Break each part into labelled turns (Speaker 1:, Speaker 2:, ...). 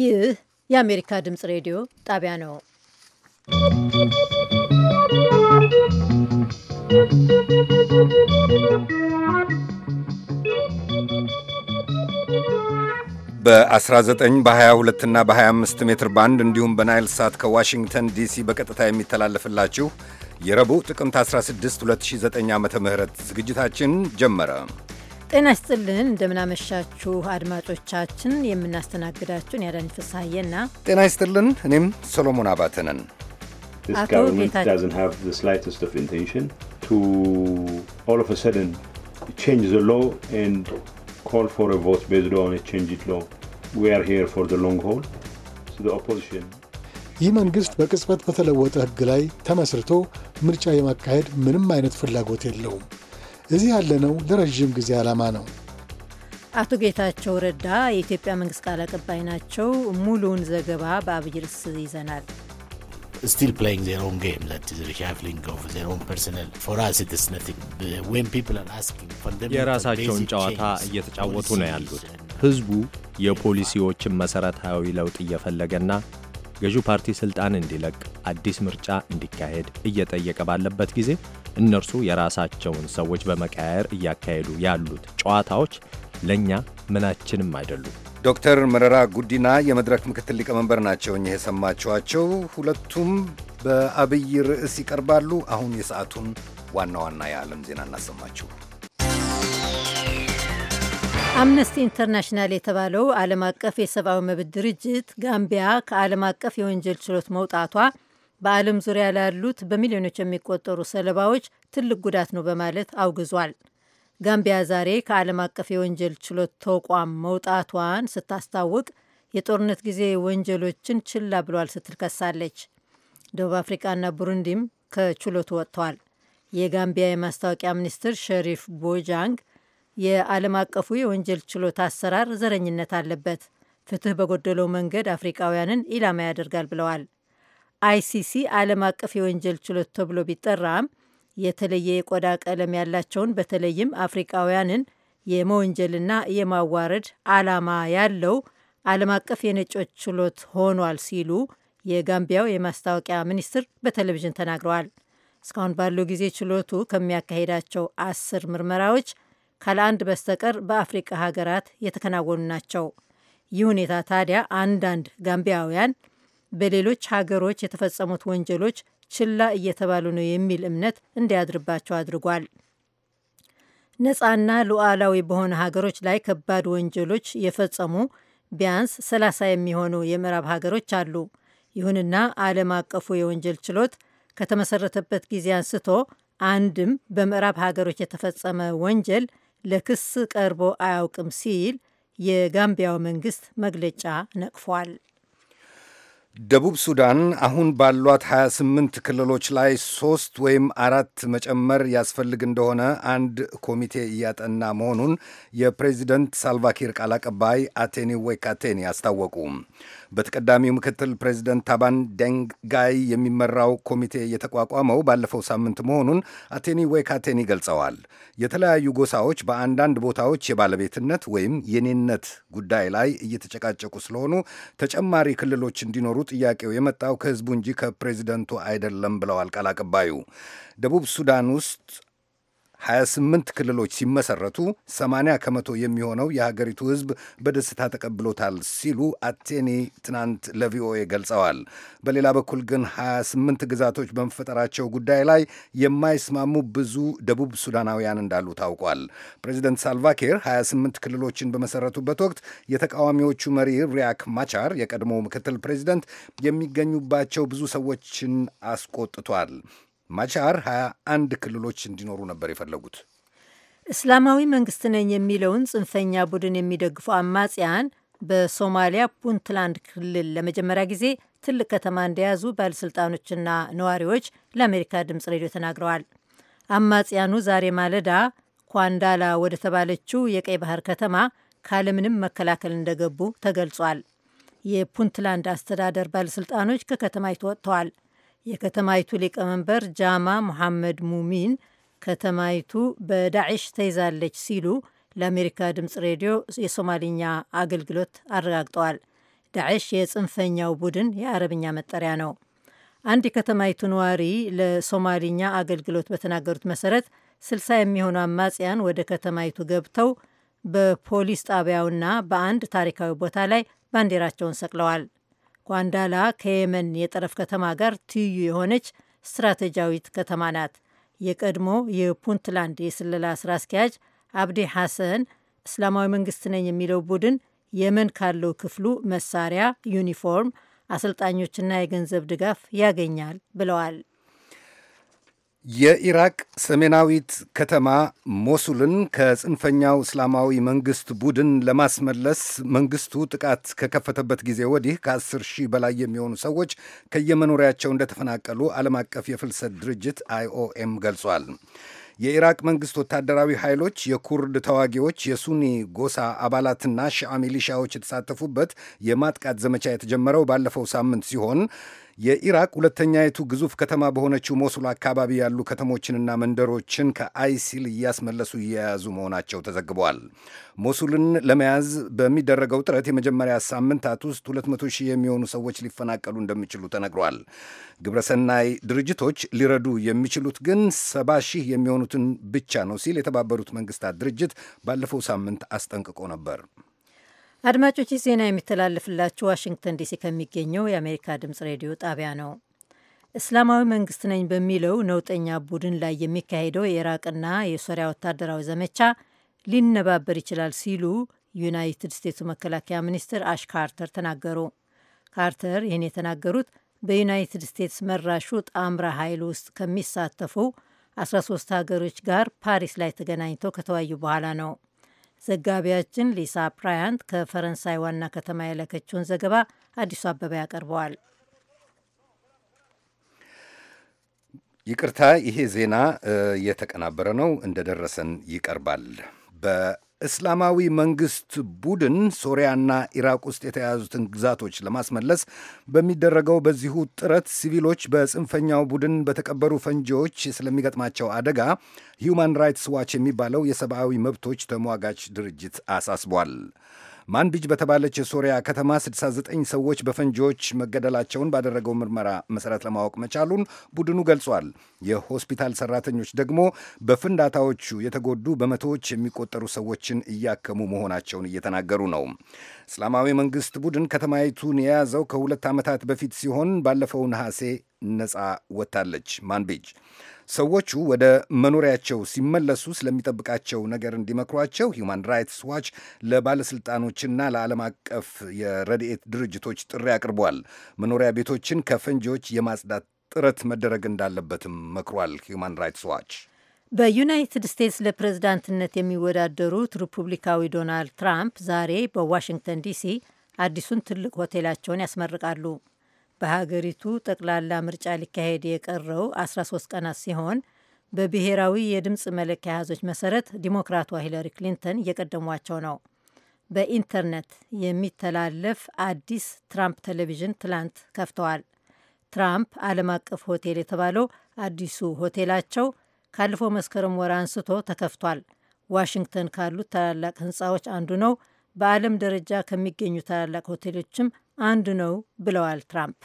Speaker 1: ይህ የአሜሪካ ድምፅ ሬዲዮ ጣቢያ ነው።
Speaker 2: በ19 በ22 እና በ25 ሜትር ባንድ እንዲሁም በናይል ሳት ከዋሽንግተን ዲሲ በቀጥታ የሚተላለፍላችሁ የረቡዕ ጥቅምት 16 2009 ዓ ም ዝግጅታችን ጀመረ።
Speaker 1: ጤና ይስጥልን እንደምናመሻችሁ አድማጮቻችን። የምናስተናግዳችሁን ያዳኝ ፍስሐዬና
Speaker 2: ጤና ይስጥልን እኔም ሰሎሞን አባተ ነን።
Speaker 3: ይህ መንግሥት በቅጽበት በተለወጠ ሕግ ላይ ተመስርቶ ምርጫ የማካሄድ ምንም አይነት ፍላጎት የለውም። እዚህ ያለነው ለረዥም ጊዜ ዓላማ ነው።
Speaker 1: አቶ ጌታቸው ረዳ የኢትዮጵያ መንግስት ቃል አቀባይ ናቸው። ሙሉውን ዘገባ በአብይ ርዕስ ይዘናል።
Speaker 4: የራሳቸውን ጨዋታ እየተጫወቱ ነው ያሉት። ህዝቡ የፖሊሲዎችን መሠረታዊ ለውጥ እየፈለገና ገዢው ፓርቲ ሥልጣን እንዲለቅ አዲስ ምርጫ እንዲካሄድ እየጠየቀ ባለበት ጊዜ እነርሱ የራሳቸውን ሰዎች በመቀያየር እያካሄዱ ያሉት ጨዋታዎች ለእኛ ምናችንም አይደሉም።
Speaker 2: ዶክተር መረራ ጉዲና የመድረክ ምክትል ሊቀመንበር ናቸው። እኚህ የሰማችኋቸው ሁለቱም በአብይ ርዕስ ይቀርባሉ። አሁን የሰዓቱን ዋና ዋና የዓለም ዜና እናሰማችሁ።
Speaker 1: አምነስቲ ኢንተርናሽናል የተባለው ዓለም አቀፍ የሰብአዊ መብት ድርጅት ጋምቢያ ከዓለም አቀፍ የወንጀል ችሎት መውጣቷ በዓለም ዙሪያ ላሉት በሚሊዮኖች የሚቆጠሩ ሰለባዎች ትልቅ ጉዳት ነው በማለት አውግዟል። ጋምቢያ ዛሬ ከዓለም አቀፍ የወንጀል ችሎት ተቋም መውጣቷን ስታስታውቅ የጦርነት ጊዜ ወንጀሎችን ችላ ብሏል ስትል ከሳለች። ደቡብ አፍሪቃና ቡሩንዲም ከችሎቱ ወጥተዋል። የጋምቢያ የማስታወቂያ ሚኒስትር ሸሪፍ ቦጃንግ የዓለም አቀፉ የወንጀል ችሎት አሰራር ዘረኝነት አለበት፣ ፍትህ በጎደለው መንገድ አፍሪቃውያንን ኢላማ ያደርጋል ብለዋል። አይሲሲ ዓለም አቀፍ የወንጀል ችሎት ተብሎ ቢጠራም የተለየ የቆዳ ቀለም ያላቸውን በተለይም አፍሪቃውያንን የመወንጀልና የማዋረድ ዓላማ ያለው ዓለም አቀፍ የነጮች ችሎት ሆኗል ሲሉ የጋምቢያው የማስታወቂያ ሚኒስትር በቴሌቪዥን ተናግረዋል። እስካሁን ባለው ጊዜ ችሎቱ ከሚያካሄዳቸው አስር ምርመራዎች ካለአንድ በስተቀር በአፍሪቃ ሀገራት የተከናወኑ ናቸው። ይህ ሁኔታ ታዲያ አንዳንድ ጋምቢያውያን በሌሎች ሀገሮች የተፈጸሙት ወንጀሎች ችላ እየተባሉ ነው የሚል እምነት እንዲያድርባቸው አድርጓል። ነፃና ሉዓላዊ በሆነ ሀገሮች ላይ ከባድ ወንጀሎች የፈጸሙ ቢያንስ 30 የሚሆኑ የምዕራብ ሀገሮች አሉ። ይሁንና ዓለም አቀፉ የወንጀል ችሎት ከተመሰረተበት ጊዜ አንስቶ አንድም በምዕራብ ሀገሮች የተፈጸመ ወንጀል ለክስ ቀርቦ አያውቅም ሲል የጋምቢያው መንግስት መግለጫ ነቅፏል።
Speaker 2: ደቡብ ሱዳን አሁን ባሏት 28 ክልሎች ላይ ሶስት ወይም አራት መጨመር ያስፈልግ እንደሆነ አንድ ኮሚቴ እያጠና መሆኑን የፕሬዚደንት ሳልቫኪር ቃል አቀባይ አቴኒ ወይካቴኒ አስታወቁ። በተቀዳሚው ምክትል ፕሬዚደንት ታባን ደንጋይ የሚመራው ኮሚቴ የተቋቋመው ባለፈው ሳምንት መሆኑን አቴኒ አቴኒ ገልጸዋል። የተለያዩ ጎሳዎች በአንዳንድ ቦታዎች የባለቤትነት ወይም የኔነት ጉዳይ ላይ እየተጨቃጨቁ ስለሆኑ ተጨማሪ ክልሎች እንዲኖሩ ጥያቄው የመጣው ከህዝቡ እንጂ ከፕሬዚደንቱ አይደለም ብለዋል ቃል አቀባዩ። ደቡብ ሱዳን ውስጥ 28 ክልሎች ሲመሰረቱ 80 ከመቶ የሚሆነው የሀገሪቱ ሕዝብ በደስታ ተቀብሎታል ሲሉ አቴኒ ትናንት ለቪኦኤ ገልጸዋል። በሌላ በኩል ግን 28 ግዛቶች በመፈጠራቸው ጉዳይ ላይ የማይስማሙ ብዙ ደቡብ ሱዳናውያን እንዳሉ ታውቋል። ፕሬዚደንት ሳልቫኪር 28 ክልሎችን በመሰረቱበት ወቅት የተቃዋሚዎቹ መሪ ሪያክ ማቻር፣ የቀድሞ ምክትል ፕሬዚደንት የሚገኙባቸው ብዙ ሰዎችን አስቆጥቷል። ማቻር 21 ክልሎች እንዲኖሩ ነበር የፈለጉት።
Speaker 1: እስላማዊ መንግስት ነኝ የሚለውን ጽንፈኛ ቡድን የሚደግፉ አማጽያን በሶማሊያ ፑንትላንድ ክልል ለመጀመሪያ ጊዜ ትልቅ ከተማ እንደያዙ ባለሥልጣኖችና ነዋሪዎች ለአሜሪካ ድምፅ ሬዲዮ ተናግረዋል። አማጽያኑ ዛሬ ማለዳ ኳንዳላ ወደ ተባለችው የቀይ ባህር ከተማ ካለምንም መከላከል እንደገቡ ተገልጿል። የፑንትላንድ አስተዳደር ባለሥልጣኖች ከከተማይቱ ወጥተዋል። የከተማይቱ ሊቀመንበር ጃማ ሙሐመድ ሙሚን ከተማይቱ በዳዕሽ ተይዛለች ሲሉ ለአሜሪካ ድምፅ ሬዲዮ የሶማሊኛ አገልግሎት አረጋግጠዋል። ዳዕሽ የጽንፈኛው ቡድን የአረብኛ መጠሪያ ነው። አንድ የከተማይቱ ነዋሪ ለሶማሊኛ አገልግሎት በተናገሩት መሰረት ስልሳ የሚሆኑ አማጽያን ወደ ከተማይቱ ገብተው በፖሊስ ጣቢያውና በአንድ ታሪካዊ ቦታ ላይ ባንዲራቸውን ሰቅለዋል። ዋንዳላ ከየመን የጠረፍ ከተማ ጋር ትይዩ የሆነች ስትራቴጂያዊት ከተማ ናት። የቀድሞ የፑንትላንድ የስለላ ስራ አስኪያጅ አብዲ ሐሰን እስላማዊ መንግስት ነኝ የሚለው ቡድን የመን ካለው ክፍሉ መሳሪያ፣ ዩኒፎርም፣ አሰልጣኞችና የገንዘብ ድጋፍ ያገኛል ብለዋል።
Speaker 2: የኢራቅ ሰሜናዊት ከተማ ሞሱልን ከጽንፈኛው እስላማዊ መንግስት ቡድን ለማስመለስ መንግስቱ ጥቃት ከከፈተበት ጊዜ ወዲህ ከአስር ሺህ በላይ የሚሆኑ ሰዎች ከየመኖሪያቸው እንደተፈናቀሉ ዓለም አቀፍ የፍልሰት ድርጅት አይኦኤም ገልጿል። የኢራቅ መንግስት ወታደራዊ ኃይሎች የኩርድ ተዋጊዎች የሱኒ ጎሳ አባላትና ሺዓ ሚሊሻዎች የተሳተፉበት የማጥቃት ዘመቻ የተጀመረው ባለፈው ሳምንት ሲሆን የኢራቅ ሁለተኛይቱ ግዙፍ ከተማ በሆነችው ሞሱል አካባቢ ያሉ ከተሞችንና መንደሮችን ከአይሲል እያስመለሱ እየያዙ መሆናቸው ተዘግበዋል። ሞሱልን ለመያዝ በሚደረገው ጥረት የመጀመሪያ ሳምንታት ውስጥ 200 ሺህ የሚሆኑ ሰዎች ሊፈናቀሉ እንደሚችሉ ተነግሯል። ግብረሰናይ ድርጅቶች ሊረዱ የሚችሉት ግን 70 ሺህ የሚሆኑትን ብቻ ነው ሲል የተባበሩት መንግስታት ድርጅት ባለፈው ሳምንት አስጠንቅቆ ነበር።
Speaker 1: አድማጮች ይህ ዜና የሚተላለፍላችሁ ዋሽንግተን ዲሲ ከሚገኘው የአሜሪካ ድምጽ ሬዲዮ ጣቢያ ነው። እስላማዊ መንግስት ነኝ በሚለው ነውጠኛ ቡድን ላይ የሚካሄደው የኢራቅና የሶሪያ ወታደራዊ ዘመቻ ሊነባበር ይችላል ሲሉ ዩናይትድ ስቴትሱ መከላከያ ሚኒስትር አሽ ካርተር ተናገሩ። ካርተር ይህን የተናገሩት በዩናይትድ ስቴትስ መራሹ ጣምራ ኃይል ውስጥ ከሚሳተፉ 13 ሀገሮች ጋር ፓሪስ ላይ ተገናኝተው ከተወያዩ በኋላ ነው። ዘጋቢያችን ሊሳ ፕራያንት ከፈረንሳይ ዋና ከተማ የላከችውን ዘገባ አዲሱ አበባ ያቀርበዋል።
Speaker 2: ይቅርታ፣ ይሄ ዜና የተቀናበረ ነው፣ እንደደረሰን ይቀርባል። እስላማዊ መንግስት ቡድን ሶሪያና ኢራቅ ውስጥ የተያዙትን ግዛቶች ለማስመለስ በሚደረገው በዚሁ ጥረት ሲቪሎች በጽንፈኛው ቡድን በተቀበሩ ፈንጂዎች ስለሚገጥማቸው አደጋ ሂውማን ራይትስ ዋች የሚባለው የሰብአዊ መብቶች ተሟጋች ድርጅት አሳስቧል። ማንቢጅ በተባለች የሶሪያ ከተማ 69 ሰዎች በፈንጂዎች መገደላቸውን ባደረገው ምርመራ መሰረት ለማወቅ መቻሉን ቡድኑ ገልጿል። የሆስፒታል ሰራተኞች ደግሞ በፍንዳታዎቹ የተጎዱ በመቶዎች የሚቆጠሩ ሰዎችን እያከሙ መሆናቸውን እየተናገሩ ነው። እስላማዊ መንግስት ቡድን ከተማይቱን የያዘው ከሁለት ዓመታት በፊት ሲሆን ባለፈው ነሐሴ ነፃ ወጥታለች ማንቢጅ ሰዎቹ ወደ መኖሪያቸው ሲመለሱ ስለሚጠብቃቸው ነገር እንዲመክሯቸው ሁማን ራይትስ ዋች ለባለሥልጣኖችና ለዓለም አቀፍ የረድኤት ድርጅቶች ጥሪ አቅርቧል። መኖሪያ ቤቶችን ከፈንጂዎች የማጽዳት ጥረት መደረግ እንዳለበትም መክሯል። ሁማን ራይትስ ዋች
Speaker 1: በዩናይትድ ስቴትስ ለፕሬዝዳንትነት የሚወዳደሩት ሪፑብሊካዊ ዶናልድ ትራምፕ ዛሬ በዋሽንግተን ዲሲ አዲሱን ትልቅ ሆቴላቸውን ያስመርቃሉ። በሀገሪቱ ጠቅላላ ምርጫ ሊካሄድ የቀረው 13 ቀናት ሲሆን በብሔራዊ የድምፅ መለኪያ አሃዞች መሰረት ዲሞክራቷ ሂለሪ ክሊንተን እየቀደሟቸው ነው። በኢንተርኔት የሚተላለፍ አዲስ ትራምፕ ቴሌቪዥን ትላንት ከፍተዋል። ትራምፕ ዓለም አቀፍ ሆቴል የተባለው አዲሱ ሆቴላቸው ካልፎ መስከረም ወር አንስቶ ተከፍቷል። ዋሽንግተን ካሉት ታላላቅ ህንፃዎች አንዱ ነው። በዓለም ደረጃ ከሚገኙ ታላላቅ ሆቴሎችም አንዱ ነው ብለዋል ትራምፕ።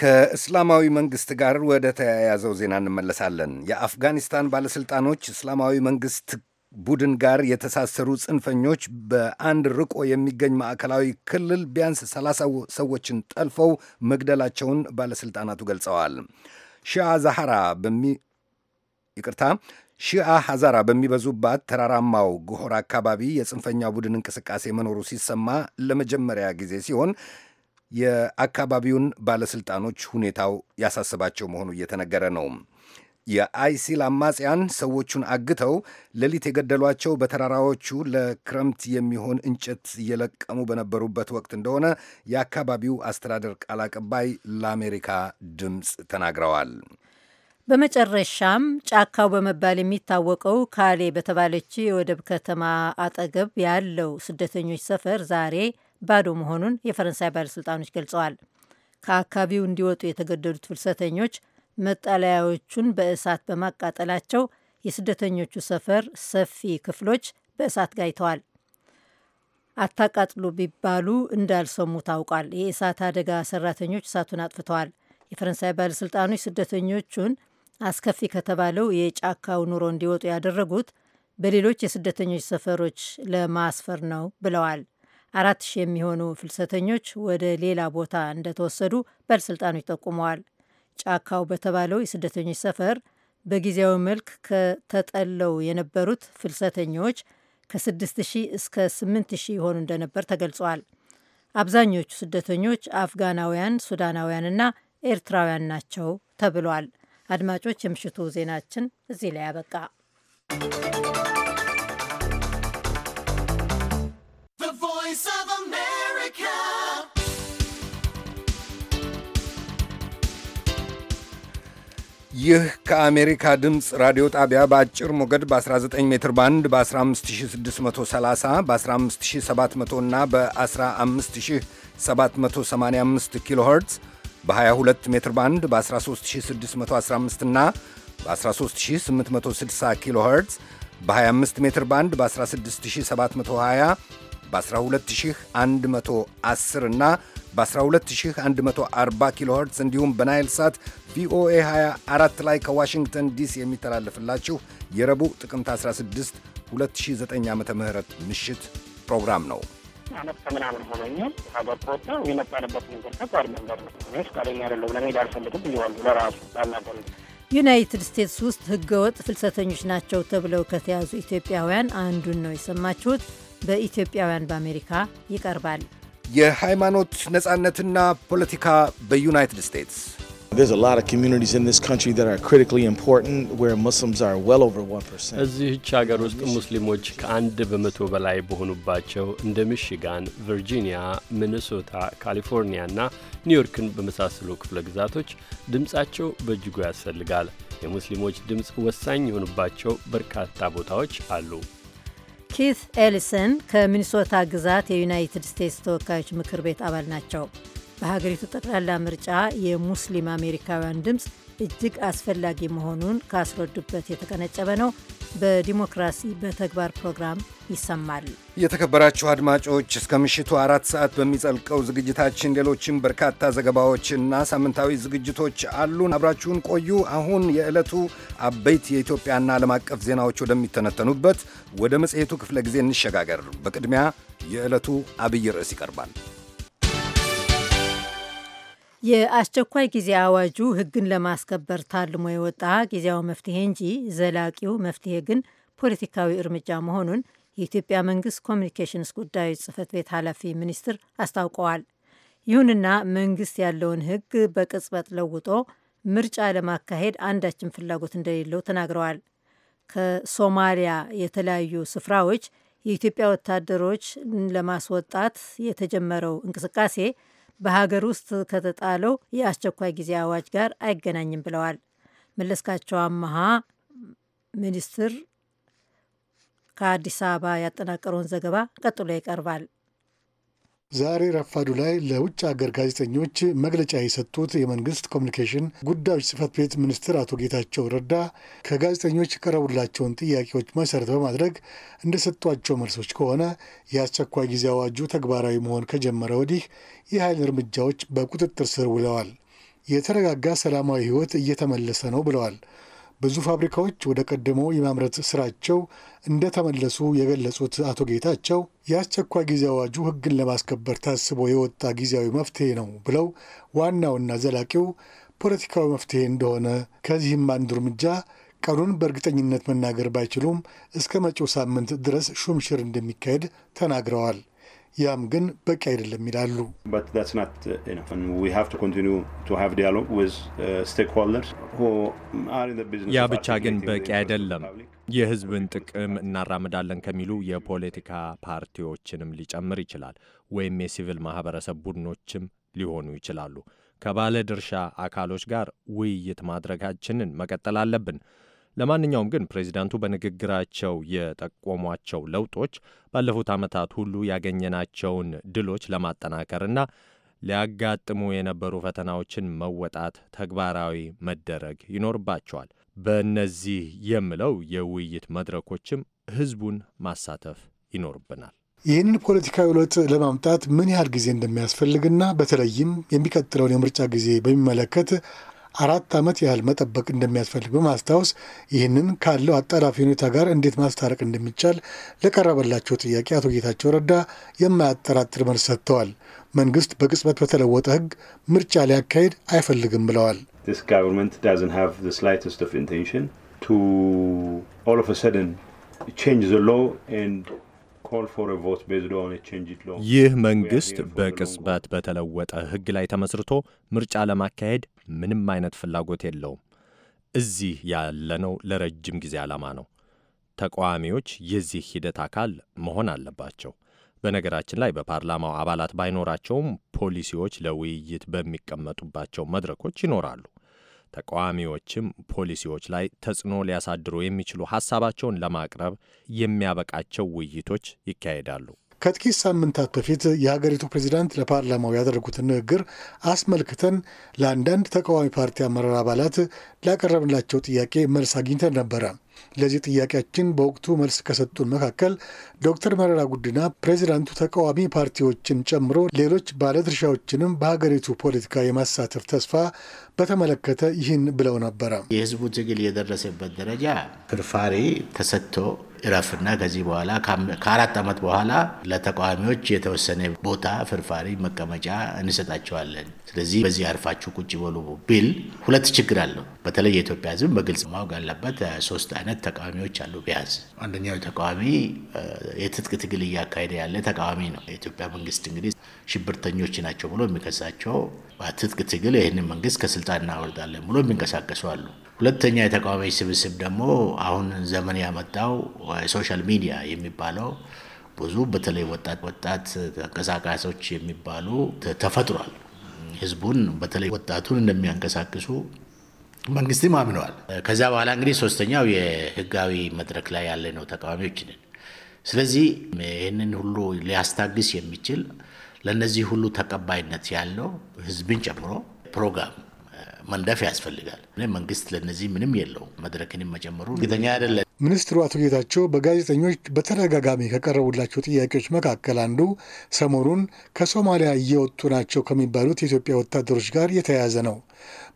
Speaker 2: ከእስላማዊ መንግስት ጋር ወደ ተያያዘው ዜና እንመለሳለን። የአፍጋኒስታን ባለሥልጣኖች እስላማዊ መንግስት ቡድን ጋር የተሳሰሩ ጽንፈኞች በአንድ ርቆ የሚገኝ ማዕከላዊ ክልል ቢያንስ ሰላሳ ሰዎችን ጠልፈው መግደላቸውን ባለሥልጣናቱ ገልጸዋል። ሻ ዛሐራ ። በሚ ይቅርታ ሺአ ሐዛራ በሚበዙባት ተራራማው ጎሆር አካባቢ የጽንፈኛ ቡድን እንቅስቃሴ መኖሩ ሲሰማ ለመጀመሪያ ጊዜ ሲሆን የአካባቢውን ባለሥልጣኖች ሁኔታው ያሳስባቸው መሆኑ እየተነገረ ነው። የአይሲል አማጽያን ሰዎቹን አግተው ሌሊት የገደሏቸው በተራራዎቹ ለክረምት የሚሆን እንጨት እየለቀሙ በነበሩበት ወቅት እንደሆነ የአካባቢው አስተዳደር ቃል አቀባይ ለአሜሪካ ድምፅ ተናግረዋል።
Speaker 1: በመጨረሻም ጫካው በመባል የሚታወቀው ካሌ በተባለች የወደብ ከተማ አጠገብ ያለው ስደተኞች ሰፈር ዛሬ ባዶ መሆኑን የፈረንሳይ ባለሥልጣኖች ገልጸዋል። ከአካባቢው እንዲወጡ የተገደዱት ፍልሰተኞች መጠለያዎቹን በእሳት በማቃጠላቸው የስደተኞቹ ሰፈር ሰፊ ክፍሎች በእሳት ጋይተዋል። አታቃጥሉ ቢባሉ እንዳልሰሙ ታውቋል። የእሳት አደጋ ሰራተኞች እሳቱን አጥፍተዋል። የፈረንሳይ ባለሥልጣኖች ስደተኞቹን አስከፊ ከተባለው የጫካው ኑሮ እንዲወጡ ያደረጉት በሌሎች የስደተኞች ሰፈሮች ለማስፈር ነው ብለዋል። አራት ሺህ የሚሆኑ ፍልሰተኞች ወደ ሌላ ቦታ እንደተወሰዱ ባለሥልጣኖች ጠቁመዋል። ጫካው በተባለው የስደተኞች ሰፈር በጊዜያዊ መልክ ከተጠለው የነበሩት ፍልሰተኞች ከ6000 እስከ 8000 የሆኑ እንደነበር ተገልጿል። አብዛኞቹ ስደተኞች አፍጋናውያን፣ ሱዳናውያንና ኤርትራውያን ናቸው ተብሏል። አድማጮች፣ የምሽቱ ዜናችን እዚህ ላይ አበቃ።
Speaker 2: ይህ ከአሜሪካ ድምፅ ራዲዮ ጣቢያ በአጭር ሞገድ በ19 ሜትር ባንድ በ15630 በ15700 እና በ15785 ኪሎ ኸርትዝ በ22 ሜትር ባንድ በ13615 እና በ13860 ኪሎ ኸርትዝ በ25 ሜትር ባንድ በ16720 በ12110 እና በ12140 ኪሎ ኸርትዝ እንዲሁም በናይል ሳት ቪኦኤ 24 ላይ ከዋሽንግተን ዲሲ የሚተላለፍላችሁ የረቡዕ ጥቅምት 16 2009 ዓ ም ምሽት ፕሮግራም ነው።
Speaker 5: አመት ከምናምን
Speaker 1: ሆኖኛል።
Speaker 6: ሀገር ወጣ የመጣንበት ነገር ተቋር ነበር ነው ስ ቃለኛ ያደለው ለመሄድ አልፈልግም ብዋሉ
Speaker 7: ለራሱ ላናገሩ
Speaker 1: ዩናይትድ ስቴትስ ውስጥ ህገወጥ ፍልሰተኞች ናቸው ተብለው ከተያዙ ኢትዮጵያውያን አንዱን ነው የሰማችሁት። በኢትዮጵያውያን በአሜሪካ ይቀርባል።
Speaker 2: የሃይማኖት ነጻነትና ፖለቲካ በዩናይትድ ስቴትስ
Speaker 8: እዚህች ሀገር ውስጥ ሙስሊሞች ከአንድ በመቶ በላይ በሆኑባቸው እንደ ሚሽጋን፣ ቨርጂኒያ፣ ሚኒሶታ፣ እና ኒውዮርክን በመሳሰሉ ክፍለ ግዛቶች ድምፃቸው በእጅጉ ያስፈልጋል። የሙስሊሞች ድምፅ ወሳኝ የሆኑባቸው በርካታ ቦታዎች አሉ።
Speaker 1: ኪት ኤሊሰን ከሚኒሶታ ግዛት የዩናይትድ ስቴትስ ተወካዮች ምክር ቤት አባል ናቸው። በሀገሪቱ ጠቅላላ ምርጫ የሙስሊም አሜሪካውያን ድምፅ እጅግ አስፈላጊ መሆኑን ካስረዱበት የተቀነጨበ ነው። በዲሞክራሲ በተግባር ፕሮግራም ይሰማል።
Speaker 2: የተከበራችሁ አድማጮች እስከ ምሽቱ አራት ሰዓት በሚጸልቀው ዝግጅታችን ሌሎችም በርካታ ዘገባዎችና ሳምንታዊ ዝግጅቶች አሉን። አብራችሁን ቆዩ። አሁን የዕለቱ አበይት የኢትዮጵያና ዓለም አቀፍ ዜናዎች ወደሚተነተኑበት ወደ መጽሔቱ ክፍለ ጊዜ እንሸጋገር። በቅድሚያ የዕለቱ አብይ ርዕስ ይቀርባል።
Speaker 1: የአስቸኳይ ጊዜ አዋጁ ህግን ለማስከበር ታልሞ የወጣ ጊዜያዊ መፍትሄ እንጂ ዘላቂው መፍትሄ ግን ፖለቲካዊ እርምጃ መሆኑን የኢትዮጵያ መንግስት ኮሚኒኬሽንስ ጉዳዮች ጽህፈት ቤት ኃላፊ ሚኒስትር አስታውቀዋል። ይሁንና መንግስት ያለውን ህግ በቅጽበት ለውጦ ምርጫ ለማካሄድ አንዳችም ፍላጎት እንደሌለው ተናግረዋል። ከሶማሊያ የተለያዩ ስፍራዎች የኢትዮጵያ ወታደሮች ለማስወጣት የተጀመረው እንቅስቃሴ በሀገር ውስጥ ከተጣለው የአስቸኳይ ጊዜ አዋጅ ጋር አይገናኝም ብለዋል። መለስካቸው አመሃ ሚኒስትር ከአዲስ አበባ ያጠናቀረውን ዘገባ ቀጥሎ ይቀርባል።
Speaker 3: ዛሬ ረፋዱ ላይ ለውጭ ሀገር ጋዜጠኞች መግለጫ የሰጡት የመንግስት ኮሚኒኬሽን ጉዳዮች ጽህፈት ቤት ሚኒስትር አቶ ጌታቸው ረዳ ከጋዜጠኞች የቀረቡላቸውን ጥያቄዎች መሰረት በማድረግ እንደሰጧቸው መልሶች ከሆነ የአስቸኳይ ጊዜ አዋጁ ተግባራዊ መሆን ከጀመረ ወዲህ የኃይል እርምጃዎች በቁጥጥር ስር ውለዋል፣ የተረጋጋ ሰላማዊ ህይወት እየተመለሰ ነው ብለዋል። ብዙ ፋብሪካዎች ወደ ቀድሞ የማምረት ስራቸው እንደተመለሱ የገለጹት አቶ ጌታቸው የአስቸኳይ ጊዜ አዋጁ ሕግን ለማስከበር ታስቦ የወጣ ጊዜያዊ መፍትሄ ነው ብለው ዋናውና ዘላቂው ፖለቲካዊ መፍትሄ እንደሆነ ከዚህም አንዱ እርምጃ ቀኑን በእርግጠኝነት መናገር ባይችሉም እስከ መጪው ሳምንት ድረስ ሹምሽር እንደሚካሄድ ተናግረዋል። ያም ግን በቂ አይደለም ይላሉ።
Speaker 9: uh, ያ ብቻ ግን በቂ
Speaker 4: አይደለም። የህዝብን ጥቅም እናራምዳለን ከሚሉ የፖለቲካ ፓርቲዎችንም ሊጨምር ይችላል፣ ወይም የሲቪል ማህበረሰብ ቡድኖችም ሊሆኑ ይችላሉ። ከባለ ድርሻ አካሎች ጋር ውይይት ማድረጋችንን መቀጠል አለብን። ለማንኛውም ግን ፕሬዚዳንቱ በንግግራቸው የጠቆሟቸው ለውጦች ባለፉት ዓመታት ሁሉ ያገኘናቸውን ድሎች ለማጠናከርና ሊያጋጥሙ የነበሩ ፈተናዎችን መወጣት ተግባራዊ መደረግ ይኖርባቸዋል። በእነዚህ የምለው የውይይት መድረኮችም ህዝቡን ማሳተፍ ይኖርብናል።
Speaker 3: ይህንን ፖለቲካዊ ለውጥ ለማምጣት ምን ያህል ጊዜ እንደሚያስፈልግና በተለይም የሚቀጥለውን የምርጫ ጊዜ በሚመለከት አራት ዓመት ያህል መጠበቅ እንደሚያስፈልግ በማስታወስ ይህንን ካለው አጣዳፊ ሁኔታ ጋር እንዴት ማስታረቅ እንደሚቻል ለቀረበላቸው ጥያቄ አቶ ጌታቸው ረዳ የማያጠራጥር መልስ ሰጥተዋል። መንግስት በቅጽበት በተለወጠ ህግ ምርጫ ሊያካሄድ አይፈልግም ብለዋል።
Speaker 9: ይህ መንግስት
Speaker 4: በቅጽበት በተለወጠ ህግ ላይ ተመስርቶ ምርጫ ለማካሄድ ምንም አይነት ፍላጎት የለውም። እዚህ ያለነው ለረጅም ጊዜ ዓላማ ነው። ተቃዋሚዎች የዚህ ሂደት አካል መሆን አለባቸው። በነገራችን ላይ በፓርላማው አባላት ባይኖራቸውም ፖሊሲዎች ለውይይት በሚቀመጡባቸው መድረኮች ይኖራሉ። ተቃዋሚዎችም ፖሊሲዎች ላይ ተጽዕኖ ሊያሳድሩ የሚችሉ ሐሳባቸውን ለማቅረብ የሚያበቃቸው ውይይቶች ይካሄዳሉ።
Speaker 3: ከጥቂት ሳምንታት በፊት የሀገሪቱ ፕሬዚዳንት ለፓርላማው ያደረጉትን ንግግር አስመልክተን ለአንዳንድ ተቃዋሚ ፓርቲ አመራር አባላት ላቀረብንላቸው ጥያቄ መልስ አግኝተን ነበረ። ለዚህ ጥያቄያችን በወቅቱ መልስ ከሰጡን መካከል ዶክተር መረራ ጉዲና ፕሬዚዳንቱ ተቃዋሚ ፓርቲዎችን ጨምሮ ሌሎች ባለድርሻዎችንም በሀገሪቱ ፖለቲካ የማሳተፍ ተስፋ በተመለከተ ይህን ብለው ነበረ።
Speaker 7: የህዝቡ ትግል የደረሰበት ደረጃ ፍርፋሪ ተሰጥቶ እረፍና ከዚህ በኋላ ከአራት ዓመት በኋላ ለተቃዋሚዎች የተወሰነ ቦታ ፍርፋሪ መቀመጫ እንሰጣቸዋለን፣ ስለዚህ በዚህ አርፋችሁ ቁጭ በሉ ቢል ሁለት ችግር አለው። በተለይ የኢትዮጵያ ሕዝብ በግልጽ ማወቅ ያለበት ሶስት አይነት ተቃዋሚዎች አሉ ቢያዝ አንደኛው ተቃዋሚ የትጥቅ ትግል እያካሄደ ያለ ተቃዋሚ ነው። የኢትዮጵያ መንግስት እንግዲህ ሽብርተኞች ናቸው ብሎ የሚከሳቸው በትጥቅ ትግል ይህንን መንግስት ከስልጣን እናወርዳለን ብሎ የሚንቀሳቀሱ አሉ። ሁለተኛ የተቃዋሚዎች ስብስብ ደግሞ አሁን ዘመን ያመጣው ሶሻል ሚዲያ የሚባለው ብዙ በተለይ ወጣት ወጣት ተንቀሳቃሶች የሚባሉ ተፈጥሯል። ህዝቡን በተለይ ወጣቱን እንደሚያንቀሳቅሱ መንግስትም አምነዋል። ከዛ በኋላ እንግዲህ ሶስተኛው የህጋዊ መድረክ ላይ ያለ ነው ተቃዋሚዎች ነን። ስለዚህ ይህንን ሁሉ ሊያስታግስ የሚችል ለእነዚህ ሁሉ ተቀባይነት ያለው ህዝብን ጨምሮ ፕሮግራም መንደፍ ያስፈልጋል። መንግስት ለነዚህ ምንም የለው መድረክንም መጨመሩ እርግጠኛ አይደለም።
Speaker 3: ሚኒስትሩ አቶ ጌታቸው በጋዜጠኞች በተደጋጋሚ ከቀረቡላቸው ጥያቄዎች መካከል አንዱ ሰሞኑን ከሶማሊያ እየወጡ ናቸው ከሚባሉት የኢትዮጵያ ወታደሮች ጋር የተያያዘ ነው።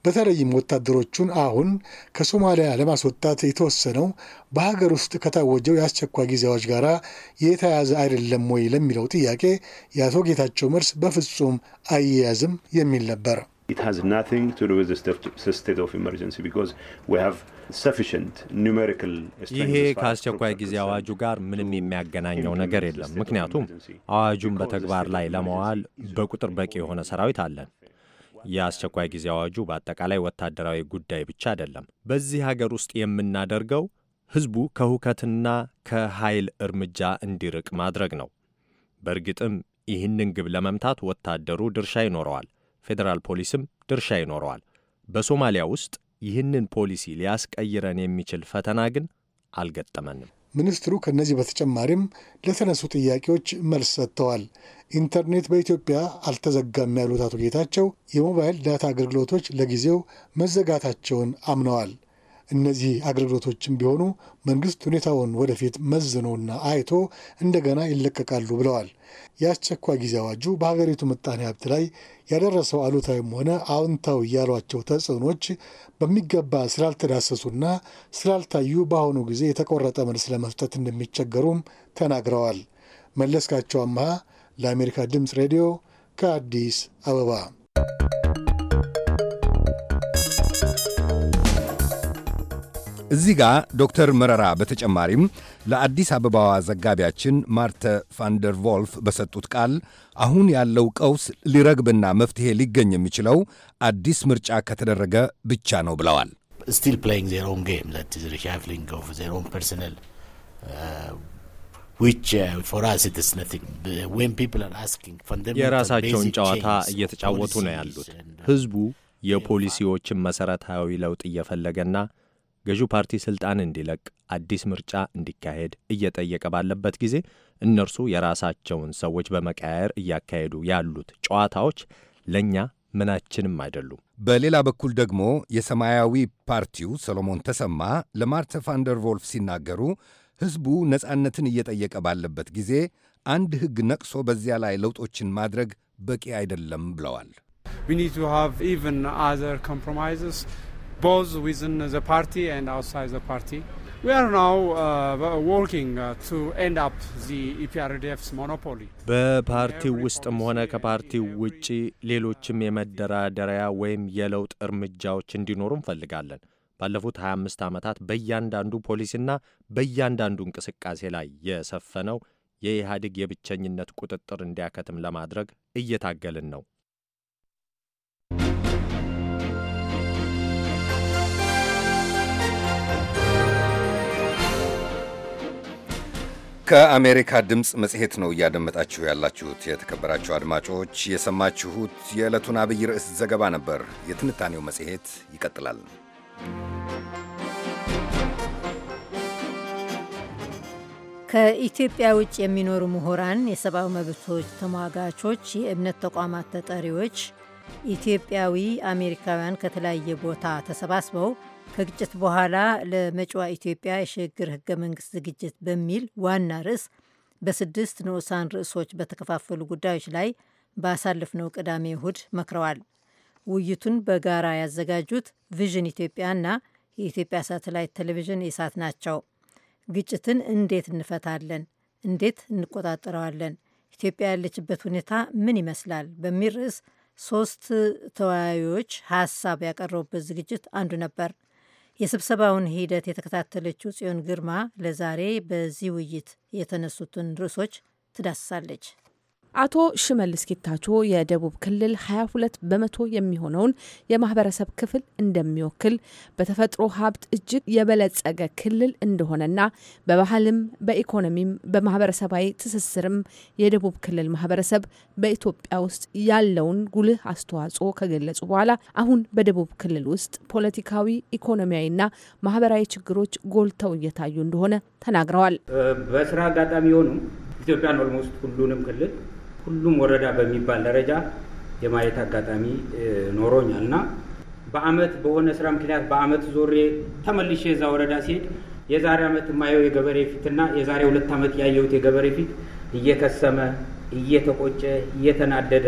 Speaker 3: በተለይም ወታደሮቹን አሁን ከሶማሊያ ለማስወጣት የተወሰነው በሀገር ውስጥ ከታወጀው የአስቸኳይ ጊዜ አዋጅ ጋር የተያያዘ አይደለም ወይ ለሚለው ጥያቄ የአቶ ጌታቸው መልስ በፍጹም አያያዝም የሚል ነበር።
Speaker 9: It has nothing to do with the state of emergency because we have sufficient numerical ይሄ
Speaker 4: ከአስቸኳይ ጊዜ አዋጁ ጋር ምንም የሚያገናኘው ነገር የለም። ምክንያቱም አዋጁን በተግባር ላይ ለመዋል በቁጥር በቂ የሆነ ሰራዊት አለን። የአስቸኳይ ጊዜ አዋጁ በአጠቃላይ ወታደራዊ ጉዳይ ብቻ አይደለም። በዚህ ሀገር ውስጥ የምናደርገው ህዝቡ ከሁከትና ከኃይል እርምጃ እንዲርቅ ማድረግ ነው። በእርግጥም ይህንን ግብ ለመምታት ወታደሩ ድርሻ ይኖረዋል። ፌዴራል ፖሊስም ድርሻ ይኖረዋል። በሶማሊያ ውስጥ ይህንን ፖሊሲ ሊያስቀይረን የሚችል ፈተና ግን አልገጠመንም።
Speaker 3: ሚኒስትሩ ከእነዚህ በተጨማሪም ለተነሱ ጥያቄዎች መልስ ሰጥተዋል። ኢንተርኔት በኢትዮጵያ አልተዘጋም ያሉት አቶ ጌታቸው የሞባይል ዳታ አገልግሎቶች ለጊዜው መዘጋታቸውን አምነዋል። እነዚህ አገልግሎቶችም ቢሆኑ መንግስት ሁኔታውን ወደፊት መዝኖና አይቶ እንደገና ይለቀቃሉ ብለዋል። የአስቸኳይ ጊዜ አዋጁ በሀገሪቱ ምጣኔ ሀብት ላይ ያደረሰው አሉታዊም ሆነ አዎንታዊ ያሏቸው ተጽዕኖች በሚገባ ስላልተዳሰሱና ስላልታዩ በአሁኑ ጊዜ የተቆረጠ መልስ ለመስጠት እንደሚቸገሩም ተናግረዋል። መለስካቸው አምሃ ለአሜሪካ ድምፅ ሬዲዮ ከአዲስ አበባ
Speaker 2: እዚህ ጋር ዶክተር መረራ በተጨማሪም ለአዲስ አበባዋ ዘጋቢያችን ማርተ ፋንደር ቮልፍ በሰጡት ቃል አሁን ያለው ቀውስ ሊረግብና መፍትሄ ሊገኝ የሚችለው አዲስ ምርጫ ከተደረገ ብቻ ነው ብለዋል። uh,
Speaker 7: uh, የራሳቸውን ጨዋታ እየተጫወቱ ነው ያሉት።
Speaker 4: ሕዝቡ uh, የፖሊሲዎችን መሠረታዊ ለውጥ እየፈለገና ገዢው ፓርቲ ስልጣን እንዲለቅ አዲስ ምርጫ እንዲካሄድ እየጠየቀ ባለበት ጊዜ እነርሱ የራሳቸውን ሰዎች በመቀያየር እያካሄዱ
Speaker 2: ያሉት ጨዋታዎች ለእኛ ምናችንም አይደሉም። በሌላ በኩል ደግሞ የሰማያዊ ፓርቲው ሰሎሞን ተሰማ ለማርተ ቫንደር ቮልፍ ሲናገሩ ሕዝቡ ነፃነትን እየጠየቀ ባለበት ጊዜ አንድ ሕግ ነቅሶ በዚያ ላይ ለውጦችን ማድረግ በቂ አይደለም ብለዋል።
Speaker 3: both within the party and outside the party.
Speaker 4: በፓርቲው ውስጥም ሆነ ከፓርቲው ውጪ ሌሎችም የመደራደሪያ ወይም የለውጥ እርምጃዎች እንዲኖሩ እንፈልጋለን። ባለፉት 25 ዓመታት በእያንዳንዱ ፖሊሲና በእያንዳንዱ እንቅስቃሴ ላይ የሰፈነው የኢህአዴግ የብቸኝነት ቁጥጥር እንዲያከትም ለማድረግ እየታገልን ነው።
Speaker 2: ከአሜሪካ ድምፅ መጽሔት ነው እያደመጣችሁ ያላችሁት። የተከበራችሁ አድማጮች የሰማችሁት የዕለቱን አብይ ርዕስ ዘገባ ነበር። የትንታኔው መጽሔት ይቀጥላል።
Speaker 1: ከኢትዮጵያ ውጭ የሚኖሩ ምሁራን፣ የሰብአዊ መብቶች ተሟጋቾች፣ የእምነት ተቋማት ተጠሪዎች ኢትዮጵያዊ አሜሪካውያን ከተለያየ ቦታ ተሰባስበው ከግጭት በኋላ ለመጪዋ ኢትዮጵያ የሽግግር ህገ መንግስት ዝግጅት በሚል ዋና ርዕስ በስድስት ንዑሳን ርዕሶች በተከፋፈሉ ጉዳዮች ላይ ባሳለፍነው ቅዳሜ እሁድ መክረዋል። ውይይቱን በጋራ ያዘጋጁት ቪዥን ኢትዮጵያና የኢትዮጵያ ሳተላይት ቴሌቪዥን ኢሳት ናቸው። ግጭትን እንዴት እንፈታለን? እንዴት እንቆጣጠረዋለን? ኢትዮጵያ ያለችበት ሁኔታ ምን ይመስላል? በሚል ርዕስ ሶስት ተወያዮች ሀሳብ ያቀረቡበት ዝግጅት አንዱ ነበር። የስብሰባውን ሂደት የተከታተለችው ጽዮን ግርማ ለዛሬ በዚህ ውይይት የተነሱትን ርዕሶች ትዳስሳለች።
Speaker 10: አቶ ሽመልስ ጌታቾ የደቡብ ክልል 22 በመቶ የሚሆነውን የማህበረሰብ ክፍል እንደሚወክል በተፈጥሮ ሀብት እጅግ የበለጸገ ክልል እንደሆነና በባህልም በኢኮኖሚም በማህበረሰባዊ ትስስርም የደቡብ ክልል ማህበረሰብ በኢትዮጵያ ውስጥ ያለውን ጉልህ አስተዋጽኦ ከገለጹ በኋላ አሁን በደቡብ ክልል ውስጥ ፖለቲካዊ፣ ኢኮኖሚያዊና ማህበራዊ ችግሮች ጎልተው እየታዩ እንደሆነ ተናግረዋል።
Speaker 6: በስራ አጋጣሚ የሆኑም ኢትዮጵያን ኦልሞስት ሁሉንም ክልል ሁሉም ወረዳ በሚባል ደረጃ የማየት አጋጣሚ ኖሮኛል እና በአመት በሆነ ስራ ምክንያት በአመት ዞሬ ተመልሼ የዛ ወረዳ ሲሄድ የዛሬ አመት የማየው የገበሬ ፊትና የዛሬ ሁለት አመት ያየሁት የገበሬ ፊት እየከሰመ እየተቆጨ እየተናደደ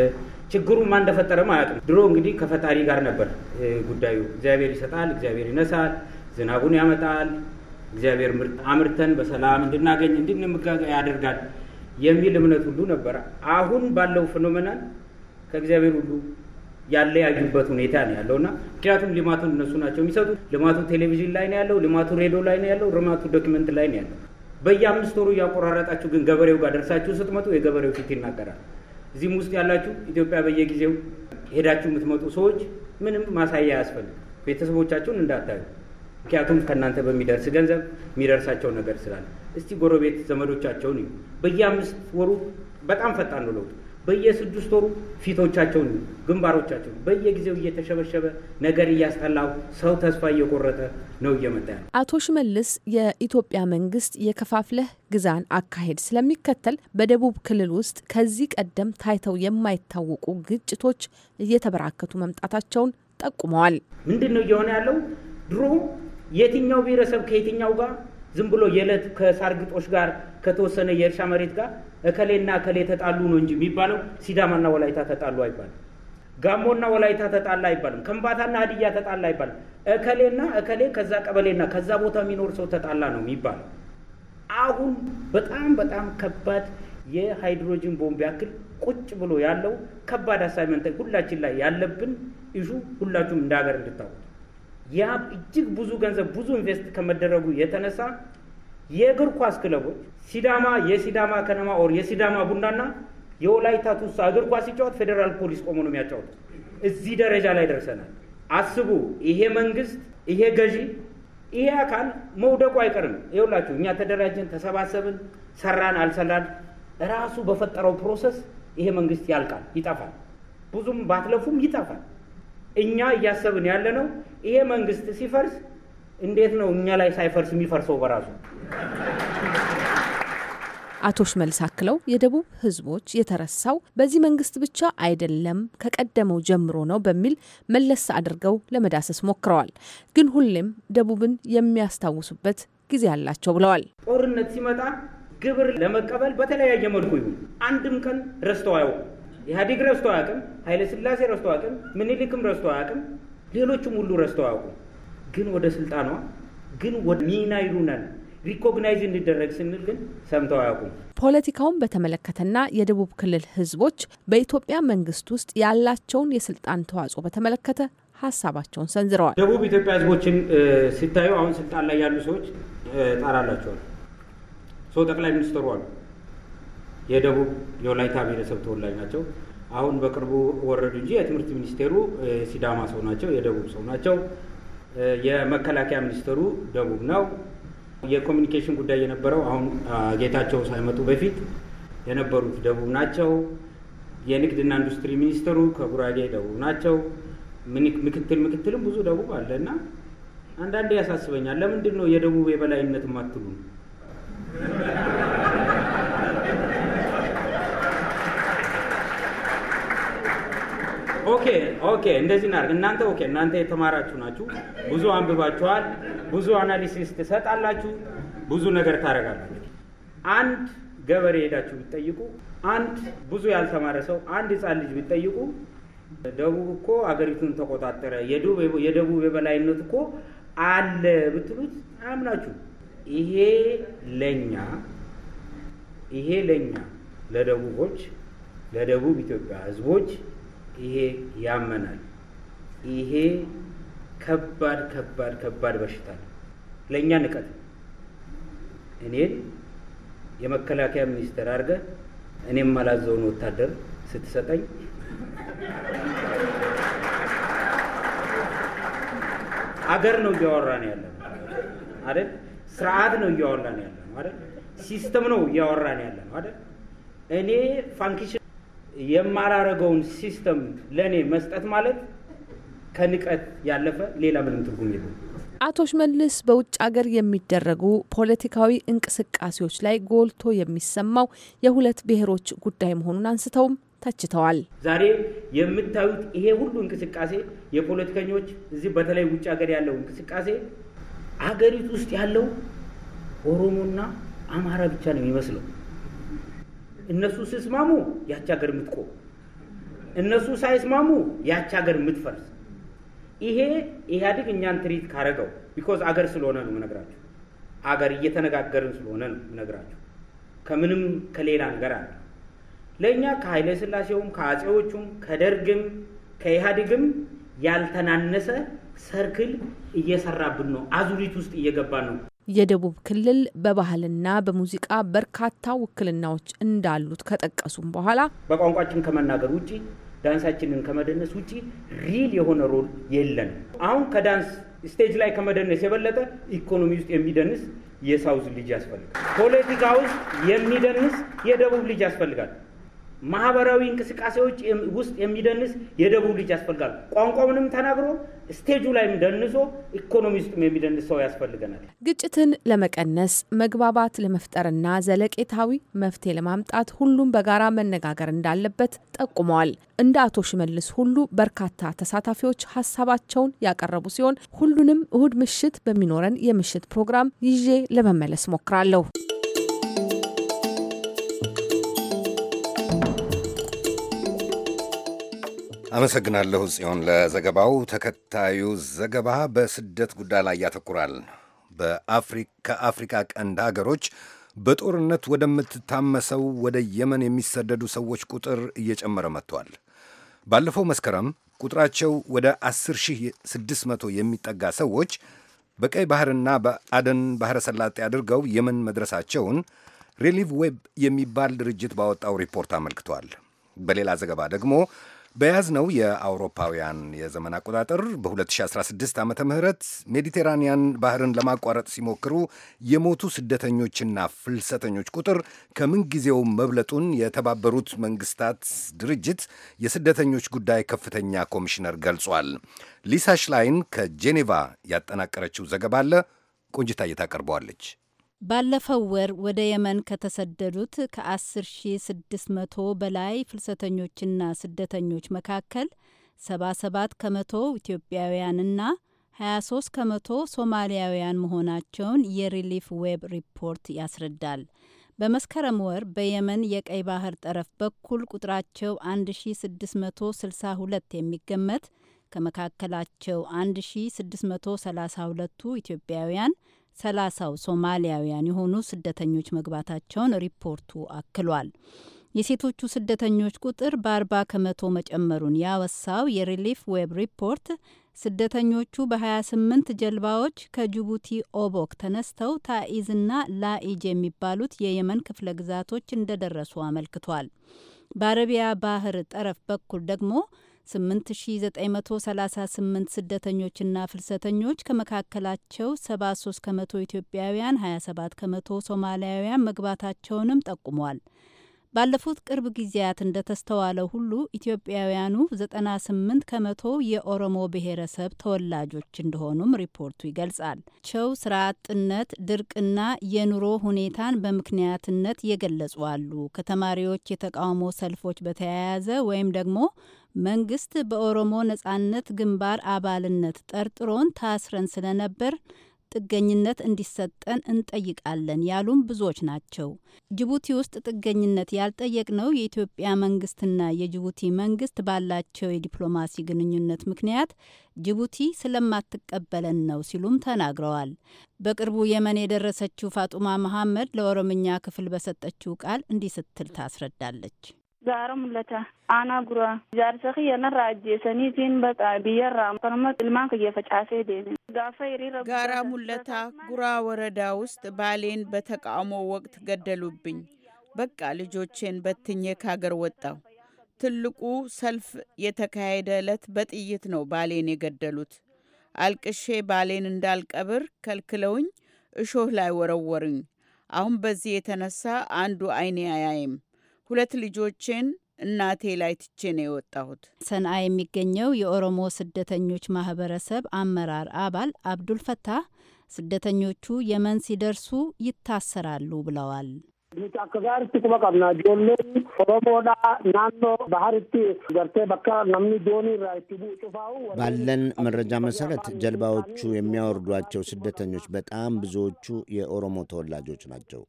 Speaker 6: ችግሩን ማን እንደፈጠረ ማለት ነው። ድሮ እንግዲህ ከፈጣሪ ጋር ነበር ጉዳዩ። እግዚአብሔር ይሰጣል፣ እግዚአብሔር ይነሳል፣ ዝናቡን ያመጣል፣ እግዚአብሔር አምርተን በሰላም እንድናገኝ እንድንመጋገ ያደርጋል። የሚል እምነት ሁሉ ነበረ። አሁን ባለው ፌኖሜናል ከእግዚአብሔር ሁሉ ያለያዩበት ሁኔታ ነው ያለውና ምክንያቱም ልማቱን እነሱ ናቸው የሚሰጡት። ልማቱ ቴሌቪዥን ላይ ነው ያለው፣ ልማቱ ሬዲዮ ላይ ነው ያለው፣ ልማቱ ዶክመንት ላይ ነው ያለው። በየአምስት ወሩ እያቆራረጣችሁ ግን ገበሬው ጋር ደርሳችሁ ስትመጡ የገበሬው ፊት ይናገራል። እዚህም ውስጥ ያላችሁ ኢትዮጵያ በየጊዜው ሄዳችሁ የምትመጡ ሰዎች ምንም ማሳያ አያስፈልግም። ቤተሰቦቻችሁን እንዳታዩ፣ ምክንያቱም ከእናንተ በሚደርስ ገንዘብ የሚደርሳቸው ነገር ስላለ እስቲ ጎረቤት ዘመዶቻቸውን እዩ። በየአምስት ወሩ በጣም ፈጣን ነው ለውጥ። በየስድስት ወሩ ፊቶቻቸውን እዩ፣ ግንባሮቻቸውን በየጊዜው እየተሸበሸበ ነገር እያስጠላው ሰው ተስፋ እየቆረጠ ነው እየመጣ ያለው።
Speaker 10: አቶ ሽመልስ የኢትዮጵያ መንግስት የከፋፍለህ ግዛን አካሄድ ስለሚከተል በደቡብ ክልል ውስጥ ከዚህ ቀደም ታይተው የማይታወቁ ግጭቶች እየተበራከቱ መምጣታቸውን ጠቁመዋል። ምንድን ነው እየሆነ ያለው?
Speaker 6: ድሮ የትኛው ብሔረሰብ ከየትኛው ጋር ዝም ብሎ የዕለት ከሳርግጦች ጋር ከተወሰነ የእርሻ መሬት ጋር እከሌና እከሌ ተጣሉ ነው እንጂ የሚባለው ሲዳማና ወላይታ ተጣሉ አይባልም። ጋሞና ወላይታ ተጣላ አይባልም። ከምባታና ሀዲያ ተጣላ አይባልም። እከሌና እከሌ ከዛ ቀበሌና ከዛ ቦታ የሚኖር ሰው ተጣላ ነው የሚባለው። አሁን በጣም በጣም ከባድ የሃይድሮጂን ቦምብ ያክል ቁጭ ብሎ ያለው ከባድ አሳይመንት ሁላችን ላይ ያለብን ኢሹ ሁላችሁም እንደ ሀገር እንድታወቁ ያ እጅግ ብዙ ገንዘብ ብዙ ኢንቨስት ከመደረጉ የተነሳ የእግር ኳስ ክለቦች ሲዳማ የሲዳማ ከነማ ኦር የሲዳማ ቡናና የወላይታ ቱሳ እግር ኳስ ሲጫወት ፌዴራል ፖሊስ ቆሞ ነው የሚያጫወቱ። እዚህ ደረጃ ላይ ደርሰናል። አስቡ። ይሄ መንግስት፣ ይሄ ገዢ፣ ይሄ አካል መውደቁ አይቀርም። ይኸውላችሁ እኛ ተደራጀን፣ ተሰባሰብን፣ ሰራን፣ አልሰራን ራሱ በፈጠረው ፕሮሰስ ይሄ መንግስት ያልቃል፣ ይጠፋል። ብዙም ባትለፉም ይጠፋል። እኛ እያሰብን ያለ ነው ይሄ መንግስት ሲፈርስ እንዴት ነው እኛ ላይ ሳይፈርስ የሚፈርሰው በራሱ
Speaker 10: አቶ ሽመልስ አክለው የደቡብ ህዝቦች የተረሳው በዚህ መንግስት ብቻ አይደለም ከቀደመው ጀምሮ ነው በሚል መለስ አድርገው ለመዳሰስ ሞክረዋል። ግን ሁሌም ደቡብን የሚያስታውሱበት ጊዜ አላቸው ብለዋል።
Speaker 6: ጦርነት ሲመጣ ግብር ለመቀበል በተለያየ መልኩ ይሁን አንድም ቀን ረስተው አያውቁም። ኢህአዴግ ረስቶ አያውቅም። ኃይለ ስላሴ ረስቶ አያውቅም። ምኒልክም ረስቶ አያውቅም። ሌሎችም ሁሉ ረስቶ አያውቁም። ግን ወደ ስልጣኗ ግን ወደ ሚና ይሉናል ሪኮግናይዝ እንዲደረግ ስንል ግን ሰምተው አያውቁም።
Speaker 10: ፖለቲካውን በተመለከተና የደቡብ ክልል ህዝቦች በኢትዮጵያ መንግስት ውስጥ ያላቸውን የስልጣን ተዋጽኦ በተመለከተ ሀሳባቸውን ሰንዝረዋል። ደቡብ ኢትዮጵያ ህዝቦችን
Speaker 6: ሲታዩ አሁን ስልጣን ላይ ያሉ ሰዎች ጣራላቸዋል። ሰው ጠቅላይ ሚኒስትሩ አሉ የደቡብ የወላይታ ብሔረሰብ ተወላጅ ናቸው። አሁን በቅርቡ ወረዱ እንጂ የትምህርት ሚኒስቴሩ ሲዳማ ሰው ናቸው፣ የደቡብ ሰው ናቸው። የመከላከያ ሚኒስቴሩ ደቡብ ነው። የኮሚኒኬሽን ጉዳይ የነበረው አሁን ጌታቸው ሳይመጡ በፊት የነበሩት ደቡብ ናቸው። የንግድና ኢንዱስትሪ ሚኒስትሩ ከጉራጌ ደቡብ ናቸው። ምክትል ምክትልም ብዙ ደቡብ አለ እና አንዳንዴ ያሳስበኛል። ለምንድን ነው የደቡብ የበላይነት ማትሉ? ኦኬ ኦኬ፣ እንደዚህ እናድርግ። እናንተ ኦኬ፣ እናንተ የተማራችሁ ናችሁ፣ ብዙ አንብባችኋል፣ ብዙ አናሊሲስ ትሰጣላችሁ፣ ብዙ ነገር ታደርጋላችሁ። አንድ ገበሬ ሄዳችሁ ብትጠይቁ፣ አንድ ብዙ ያልተማረ ሰው፣ አንድ ህፃን ልጅ ብትጠይቁ ደቡብ እኮ አገሪቱን ተቆጣጠረ፣ የደቡብ የበላይነት እኮ አለ ብትሉት አያምናችሁ። ይሄ ለኛ ይሄ ለኛ ለደቡቦች ለደቡብ ኢትዮጵያ ህዝቦች ይሄ ያመናል። ይሄ ከባድ ከባድ ከባድ በሽታ ነው። ለእኛ ንቀት እኔን የመከላከያ ሚኒስትር አድርገ እኔም አላዘውን ወታደር ስትሰጠኝ አገር ነው እያወራ ነው ያለ አይደል? ስርዓት ነው እያወራ ነው ያለ አይደል? ሲስተም ነው እያወራ ነው ያለ አይደል? እኔ ፋንክሽን የማላረገውን ሲስተም ለእኔ መስጠት ማለት ከንቀት ያለፈ ሌላ ምንም ትርጉም የለም።
Speaker 10: አቶ ሽመልስ በውጭ ሀገር የሚደረጉ ፖለቲካዊ እንቅስቃሴዎች ላይ ጎልቶ የሚሰማው የሁለት ብሔሮች ጉዳይ መሆኑን አንስተውም ተችተዋል።
Speaker 6: ዛሬ የምታዩት ይሄ ሁሉ እንቅስቃሴ የፖለቲከኞች እዚህ በተለይ ውጭ ሀገር ያለው እንቅስቃሴ አገሪቱ ውስጥ ያለው ኦሮሞና አማራ ብቻ ነው የሚመስለው። እነሱ ሲስማሙ ያች ሀገር የምትቆም፣ እነሱ ሳይስማሙ ያች ሀገር የምትፈርስ። ይሄ ኢህአዴግ እኛን ትሪት ካረገው ቢኮዝ አገር ስለሆነ ነው ምነግራችሁ። አገር እየተነጋገርን ስለሆነ ነው ምነግራችሁ። ከምንም ከሌላ ነገር አለ ለእኛ ከኃይለ ስላሴውም ከአጼዎቹም ከደርግም ከኢህአዴግም ያልተናነሰ ሰርክል እየሰራብን ነው። አዙሪት ውስጥ እየገባን ነው።
Speaker 10: የደቡብ ክልል በባህልና በሙዚቃ በርካታ ውክልናዎች እንዳሉት ከጠቀሱም በኋላ
Speaker 6: በቋንቋችን ከመናገር ውጭ ዳንሳችንን ከመደነስ ውጭ ሪል የሆነ ሮል የለን። አሁን ከዳንስ ስቴጅ ላይ ከመደነስ የበለጠ ኢኮኖሚ ውስጥ የሚደንስ የሳውዝ ልጅ ያስፈልጋል። ፖለቲካ ውስጥ የሚደንስ የደቡብ ልጅ ያስፈልጋል። ማህበራዊ እንቅስቃሴዎች ውስጥ የሚደንስ የደቡብ ልጅ ያስፈልጋል። ቋንቋውንም ተናግሮ ስቴጁ ላይም ደንሶ ኢኮኖሚ ውስጥም የሚደንስ ሰው ያስፈልገናል።
Speaker 10: ግጭትን ለመቀነስ መግባባት ለመፍጠርና ዘለቄታዊ መፍትሄ ለማምጣት ሁሉም በጋራ መነጋገር እንዳለበት ጠቁመዋል። እንደ አቶ ሽመልስ ሁሉ በርካታ ተሳታፊዎች ሀሳባቸውን ያቀረቡ ሲሆን ሁሉንም እሁድ ምሽት በሚኖረን የምሽት ፕሮግራም ይዤ ለመመለስ ሞክራለሁ።
Speaker 2: አመሰግናለሁ ጽዮን ለዘገባው። ተከታዩ ዘገባ በስደት ጉዳይ ላይ ያተኩራል። ከአፍሪካ ቀንድ ሀገሮች በጦርነት ወደምትታመሰው ወደ የመን የሚሰደዱ ሰዎች ቁጥር እየጨመረ መጥቷል። ባለፈው መስከረም ቁጥራቸው ወደ 10600 የሚጠጋ ሰዎች በቀይ ባህርና በአደን ባሕረ ሰላጤ አድርገው የመን መድረሳቸውን ሬሊቭ ዌብ የሚባል ድርጅት ባወጣው ሪፖርት አመልክቷል። በሌላ ዘገባ ደግሞ በያዝነው የአውሮፓውያን የዘመን አቆጣጠር በ2016 ዓ ም ሜዲቴራንያን ባህርን ለማቋረጥ ሲሞክሩ የሞቱ ስደተኞችና ፍልሰተኞች ቁጥር ከምንጊዜው መብለጡን የተባበሩት መንግስታት ድርጅት የስደተኞች ጉዳይ ከፍተኛ ኮሚሽነር ገልጿል። ሊሳ ሽላይን ከጄኔቫ ያጠናቀረችው ዘገባ አለ ቆንጅታ እየታቀርበዋለች።
Speaker 11: ባለፈው ወር ወደ የመን ከተሰደዱት ከ10600 በላይ ፍልሰተኞችና ስደተኞች መካከል 77 ከመቶ ኢትዮጵያውያንና 23 ከመቶ ሶማሊያውያን መሆናቸውን የሪሊፍ ዌብ ሪፖርት ያስረዳል። በመስከረም ወር በየመን የቀይ ባህር ጠረፍ በኩል ቁጥራቸው 1662 የሚገመት ከመካከላቸው 1632ቱ ኢትዮጵያውያን ሰላሳው ሶማሊያውያን የሆኑ ስደተኞች መግባታቸውን ሪፖርቱ አክሏል። የሴቶቹ ስደተኞች ቁጥር በ ከመቶ መጨመሩን ያወሳው የሪሊፍ ዌብ ሪፖርት ስደተኞቹ በ28 ጀልባዎች ከጅቡቲ ኦቦክ ተነስተው ታኢዝና ላኢጅ የሚባሉት የየመን ክፍለ ግዛቶች እንደደረሱ አመልክቷል። በአረቢያ ባህር ጠረፍ በኩል ደግሞ 8938 ስደተኞችና ፍልሰተኞች ከመካከላቸው 73 ከመቶ ኢትዮጵያውያን፣ 27 ከመቶ ሶማሊያውያን መግባታቸውንም ጠቁሟል። ባለፉት ቅርብ ጊዜያት እንደተስተዋለው ሁሉ ኢትዮጵያውያኑ 98 ከመቶ የኦሮሞ ብሔረሰብ ተወላጆች እንደሆኑም ሪፖርቱ ይገልጻል። ቸው ስራ አጥነት፣ ድርቅና የኑሮ ሁኔታን በምክንያትነት የገለጹ አሉ። ከተማሪዎች የተቃውሞ ሰልፎች በተያያዘ ወይም ደግሞ መንግስት በኦሮሞ ነጻነት ግንባር አባልነት ጠርጥሮን ታስረን ስለነበር ጥገኝነት እንዲሰጠን እንጠይቃለን ያሉም ብዙዎች ናቸው። ጅቡቲ ውስጥ ጥገኝነት ያልጠየቅነው የኢትዮጵያ መንግስትና የጅቡቲ መንግስት ባላቸው የዲፕሎማሲ ግንኙነት ምክንያት ጅቡቲ ስለማትቀበለን ነው ሲሉም ተናግረዋል። በቅርቡ የመን የደረሰችው ፋጡማ መሐመድ ለኦሮምኛ ክፍል በሰጠችው ቃል እንዲህ ስትል ታስረዳለች። gaara mul'ata aanaa guraa jaarsa kiyyanarraa ajjeesaniitiin baxa biyyarraa kanuma ilmaan kiyya facaasee deeme gaafa
Speaker 12: hiriira gaara mul'ata ጉራ ወረዳ ውስጥ ባሌን በተቃውሞ ወቅት ገደሉብኝ። በቃ ልጆቼን በትኜ ካገር ወጣሁ። ትልቁ ሰልፍ የተካሄደ ዕለት በጥይት ነው ባሌን የገደሉት። አልቅሼ ባሌን እንዳልቀብር ከልክለውኝ እሾህ ላይ ወረወሩኝ። አሁን በዚህ የተነሳ አንዱ ዓይኔ አያይም። ሁለት ልጆችን እናቴ ላይ ትቼ ነው የወጣሁት።
Speaker 11: ሰንአ የሚገኘው የኦሮሞ ስደተኞች ማህበረሰብ አመራር አባል አብዱል ፈታህ ስደተኞቹ የመን ሲደርሱ ይታሰራሉ ብለዋል።
Speaker 5: ባለን መረጃ መሰረት ጀልባዎቹ የሚያወርዷቸው ስደተኞች በጣም ብዙዎቹ የኦሮሞ ተወላጆች ናቸው።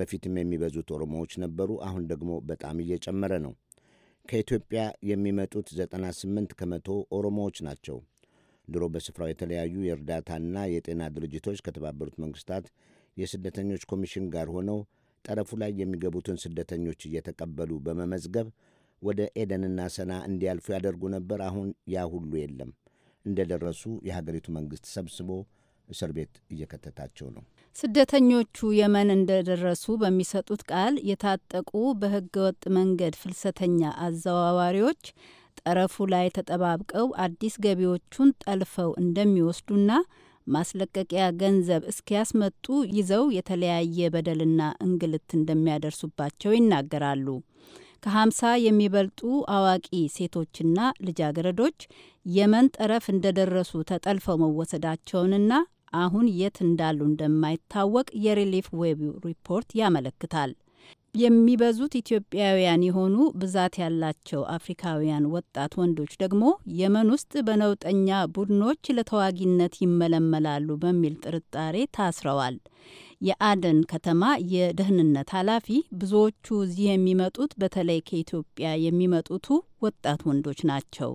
Speaker 5: በፊትም የሚበዙት ኦሮሞዎች ነበሩ። አሁን ደግሞ በጣም እየጨመረ ነው። ከኢትዮጵያ የሚመጡት 98 ከመቶ ኦሮሞዎች ናቸው። ድሮ በስፍራው የተለያዩ የእርዳታና የጤና ድርጅቶች ከተባበሩት መንግስታት የስደተኞች ኮሚሽን ጋር ሆነው ጠረፉ ላይ የሚገቡትን ስደተኞች እየተቀበሉ በመመዝገብ ወደ ኤደንና ሰና እንዲያልፉ ያደርጉ ነበር። አሁን ያ ሁሉ የለም። እንደደረሱ የሀገሪቱ መንግሥት ሰብስቦ እስር ቤት እየከተታቸው ነው።
Speaker 11: ስደተኞቹ የመን እንደደረሱ በሚሰጡት ቃል የታጠቁ በህገወጥ መንገድ ፍልሰተኛ አዘዋዋሪዎች ጠረፉ ላይ ተጠባብቀው አዲስ ገቢዎቹን ጠልፈው እንደሚወስዱና ማስለቀቂያ ገንዘብ እስኪያስመጡ ይዘው የተለያየ በደልና እንግልት እንደሚያደርሱባቸው ይናገራሉ። ከሀምሳ የሚበልጡ አዋቂ ሴቶችና ልጃገረዶች የመን ጠረፍ እንደደረሱ ተጠልፈው መወሰዳቸውንና አሁን የት እንዳሉ እንደማይታወቅ የሪሊፍ ዌብ ሪፖርት ያመለክታል። የሚበዙት ኢትዮጵያውያን የሆኑ ብዛት ያላቸው አፍሪካውያን ወጣት ወንዶች ደግሞ የመን ውስጥ በነውጠኛ ቡድኖች ለተዋጊነት ይመለመላሉ በሚል ጥርጣሬ ታስረዋል። የአደን ከተማ የደህንነት ኃላፊ ብዙዎቹ እዚህ የሚመጡት በተለይ ከኢትዮጵያ የሚመጡቱ ወጣት ወንዶች ናቸው፣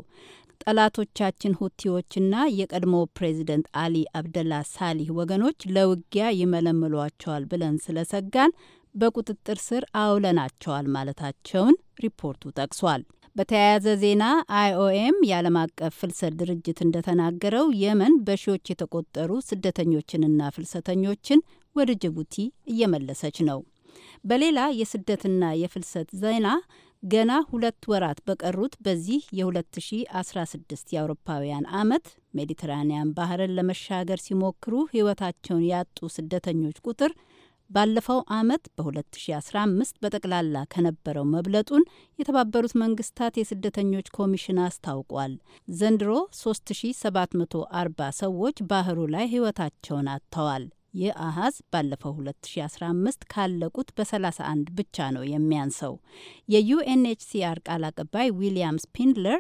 Speaker 11: ጠላቶቻችን ሁቲዎችና የቀድሞ ፕሬዚደንት አሊ አብደላ ሳሊህ ወገኖች ለውጊያ ይመለምሏቸዋል ብለን ስለሰጋን በቁጥጥር ስር አውለናቸዋል ማለታቸውን ሪፖርቱ ጠቅሷል። በተያያዘ ዜና አይኦኤም የዓለም አቀፍ ፍልሰት ድርጅት እንደተናገረው የመን በሺዎች የተቆጠሩ ስደተኞችንና ፍልሰተኞችን ወደ ጅቡቲ እየመለሰች ነው። በሌላ የስደትና የፍልሰት ዜና ገና ሁለት ወራት በቀሩት በዚህ የ2016 የአውሮፓውያን ዓመት ሜዲትራኒያን ባህርን ለመሻገር ሲሞክሩ ሕይወታቸውን ያጡ ስደተኞች ቁጥር ባለፈው ዓመት በ2015 በጠቅላላ ከነበረው መብለጡን የተባበሩት መንግስታት የስደተኞች ኮሚሽን አስታውቋል። ዘንድሮ 3740 ሰዎች ባህሩ ላይ ሕይወታቸውን አጥተዋል። ይህ አሃዝ ባለፈው 2015 ካለቁት በ31 ብቻ ነው የሚያንሰው። የዩኤንኤችሲአር ቃል አቀባይ ዊሊያም ስፒንድለር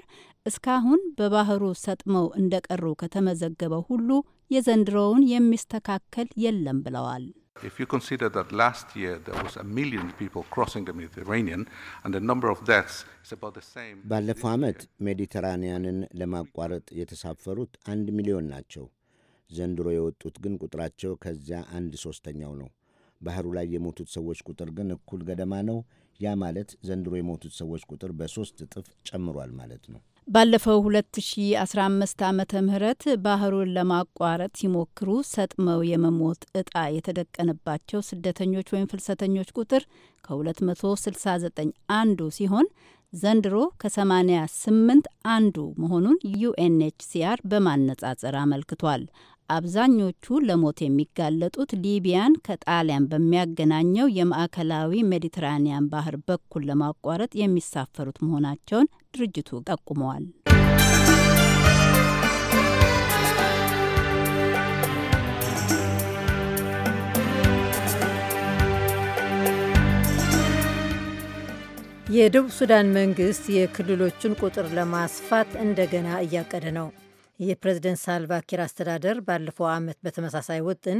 Speaker 11: እስካሁን በባህሩ ሰጥመው እንደቀሩ ከተመዘገበው ሁሉ የዘንድሮውን የሚስተካከል የለም ብለዋል።
Speaker 5: ባለፈው ዓመት ሜዲተራንያንን ለማቋረጥ የተሳፈሩት አንድ ሚሊዮን ናቸው። ዘንድሮ የወጡት ግን ቁጥራቸው ከዚያ አንድ ሶስተኛው ነው። ባህሩ ላይ የሞቱት ሰዎች ቁጥር ግን እኩል ገደማ ነው። ያ ማለት ዘንድሮ የሞቱት ሰዎች ቁጥር በሶስት እጥፍ ጨምሯል ማለት ነው።
Speaker 11: ባለፈው 2015 ዓመተ ምህረት ባህሩን ለማቋረጥ ሲሞክሩ ሰጥመው የመሞት እጣ የተደቀነባቸው ስደተኞች ወይም ፍልሰተኞች ቁጥር ከ269 አንዱ ሲሆን ዘንድሮ ከ88 አንዱ መሆኑን ዩኤንኤችሲአር በማነጻጸር አመልክቷል። አብዛኞቹ ለሞት የሚጋለጡት ሊቢያን ከጣሊያን በሚያገናኘው የማዕከላዊ ሜዲትራኒያን ባህር በኩል ለማቋረጥ የሚሳፈሩት መሆናቸውን ድርጅቱ ጠቁመዋል።
Speaker 1: የደቡብ ሱዳን መንግስት የክልሎቹን ቁጥር ለማስፋት እንደገና እያቀደ ነው። የፕሬዝደንት ሳልቫኪር አስተዳደር ባለፈው ዓመት በተመሳሳይ ውጥን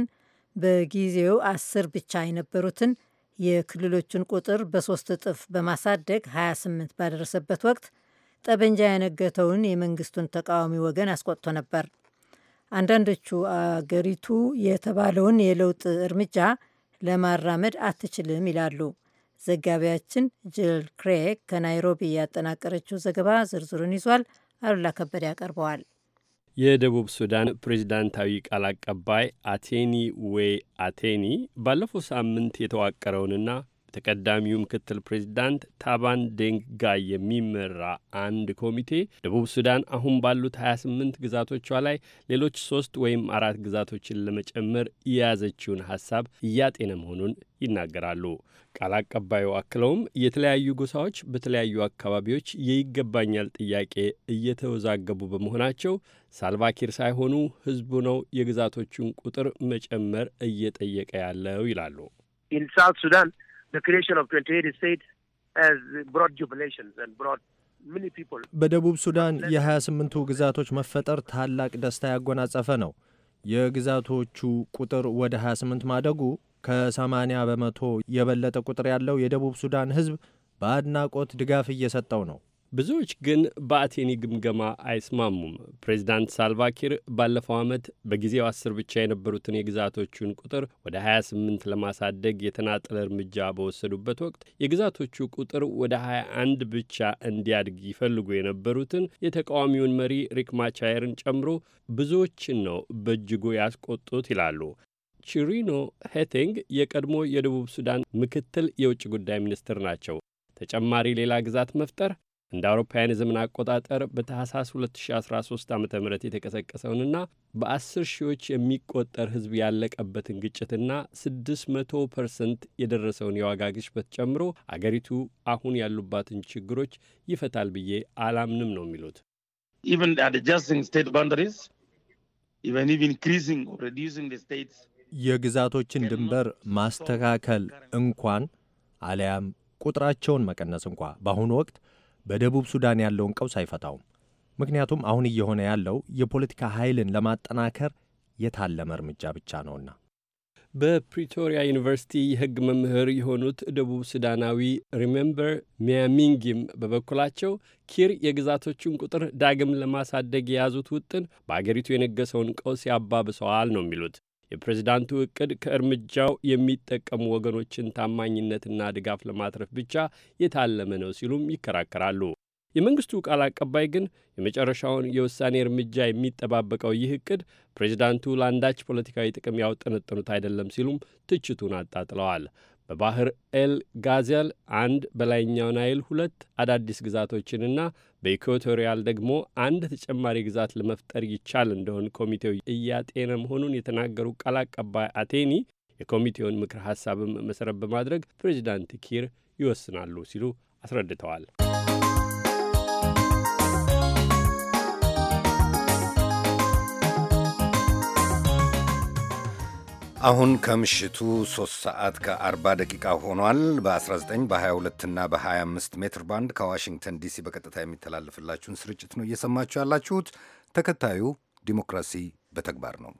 Speaker 1: በጊዜው አስር ብቻ የነበሩትን የክልሎቹን ቁጥር በሶስት እጥፍ በማሳደግ 28 ባደረሰበት ወቅት ጠበንጃ ያነገተውን የመንግስቱን ተቃዋሚ ወገን አስቆጥቶ ነበር። አንዳንዶቹ አገሪቱ የተባለውን የለውጥ እርምጃ ለማራመድ አትችልም ይላሉ። ዘጋቢያችን ጅል ክሬግ ከናይሮቢ ያጠናቀረችው ዘገባ ዝርዝሩን ይዟል። አሉላ ከበደ ያቀርበዋል።
Speaker 8: የደቡብ ሱዳን ፕሬዚዳንታዊ ቃል አቀባይ አቴኒ ዌ አቴኒ ባለፈው ሳምንት የተዋቀረውንና ተቀዳሚው ምክትል ፕሬዚዳንት ታባን ዴንግ ጋይ የሚመራ አንድ ኮሚቴ ደቡብ ሱዳን አሁን ባሉት 28 ግዛቶቿ ላይ ሌሎች ሶስት ወይም አራት ግዛቶችን ለመጨመር የያዘችውን ሀሳብ እያጤነ መሆኑን ይናገራሉ። ቃል አቀባዩ አክለውም የተለያዩ ጎሳዎች በተለያዩ አካባቢዎች የይገባኛል ጥያቄ እየተወዛገቡ በመሆናቸው ሳልቫኪር ሳይሆኑ ሕዝቡ ነው የግዛቶቹን ቁጥር መጨመር እየጠየቀ ያለው ይላሉ።
Speaker 3: ኢን ሳውት ሱዳን
Speaker 4: በደቡብ ሱዳን የሀያ ስምንቱ ግዛቶች መፈጠር ታላቅ ደስታ ያጎናጸፈ ነው። የግዛቶቹ ቁጥር ወደ 28 ማደጉ ከ80 በመቶ የበለጠ ቁጥር ያለው የደቡብ ሱዳን ሕዝብ በአድናቆት ድጋፍ እየሰጠው ነው።
Speaker 8: ብዙዎች ግን በአቴኒ ግምገማ አይስማሙም። ፕሬዚዳንት ሳልቫኪር ባለፈው ዓመት በጊዜው አስር ብቻ የነበሩትን የግዛቶቹን ቁጥር ወደ 28 ለማሳደግ የተናጠለ እርምጃ በወሰዱበት ወቅት የግዛቶቹ ቁጥር ወደ 21 ብቻ እንዲያድግ ይፈልጉ የነበሩትን የተቃዋሚውን መሪ ሪክ ማቻየርን ጨምሮ ብዙዎችን ነው በእጅጉ ያስቆጡት ይላሉ። ቺሪኖ ሄቲንግ የቀድሞ የደቡብ ሱዳን ምክትል የውጭ ጉዳይ ሚኒስትር ናቸው። ተጨማሪ ሌላ ግዛት መፍጠር እንደ አውሮፓውያን የዘመን አቆጣጠር በታህሳስ 2013 ዓ ም የተቀሰቀሰውንና በአስር ሺዎች የሚቆጠር ሕዝብ ያለቀበትን ግጭትና 600 ፐርሰንት የደረሰውን የዋጋ ግሽበት ጨምሮ አገሪቱ አሁን ያሉባትን ችግሮች ይፈታል ብዬ አላምንም ነው የሚሉት።
Speaker 4: የግዛቶችን ድንበር ማስተካከል እንኳን አሊያም ቁጥራቸውን መቀነስ እንኳ በአሁኑ ወቅት በደቡብ ሱዳን ያለውን ቀውስ አይፈታውም። ምክንያቱም አሁን እየሆነ ያለው የፖለቲካ ኃይልን ለማጠናከር የታለመ እርምጃ ብቻ ነውና።
Speaker 8: በፕሪቶሪያ ዩኒቨርሲቲ የሕግ መምህር የሆኑት ደቡብ ሱዳናዊ ሪሜምበር ሚያሚንጊም በበኩላቸው ኪር የግዛቶቹን ቁጥር ዳግም ለማሳደግ የያዙት ውጥን በአገሪቱ የነገሰውን ቀውስ ያባብሰዋል ነው የሚሉት። የፕሬዚዳንቱ እቅድ ከእርምጃው የሚጠቀሙ ወገኖችን ታማኝነትና ድጋፍ ለማትረፍ ብቻ የታለመ ነው ሲሉም ይከራከራሉ። የመንግስቱ ቃል አቀባይ ግን የመጨረሻውን የውሳኔ እርምጃ የሚጠባበቀው ይህ እቅድ ፕሬዚዳንቱ ለአንዳች ፖለቲካዊ ጥቅም ያውጠነጠኑት አይደለም ሲሉም ትችቱን አጣጥለዋል። በባህር ኤል ጋዜል አንድ፣ በላይኛው ናይል ሁለት አዳዲስ ግዛቶችንና በኢኳቶሪያል ደግሞ አንድ ተጨማሪ ግዛት ለመፍጠር ይቻል እንደሆን ኮሚቴው እያጤነ መሆኑን የተናገሩ ቃል አቀባይ አቴኒ የኮሚቴውን ምክር ሀሳብም መሰረት በማድረግ ፕሬዚዳንት ኪር ይወስናሉ ሲሉ አስረድተዋል።
Speaker 2: አሁን ከምሽቱ 3 ሰዓት ከ40 ደቂቃ ሆኗል። በ19 በ22 እና በ25 ሜትር ባንድ ከዋሽንግተን ዲሲ በቀጥታ የሚተላለፍላችሁን ስርጭት ነው እየሰማችሁ ያላችሁት። ተከታዩ ዲሞክራሲ በተግባር ነው።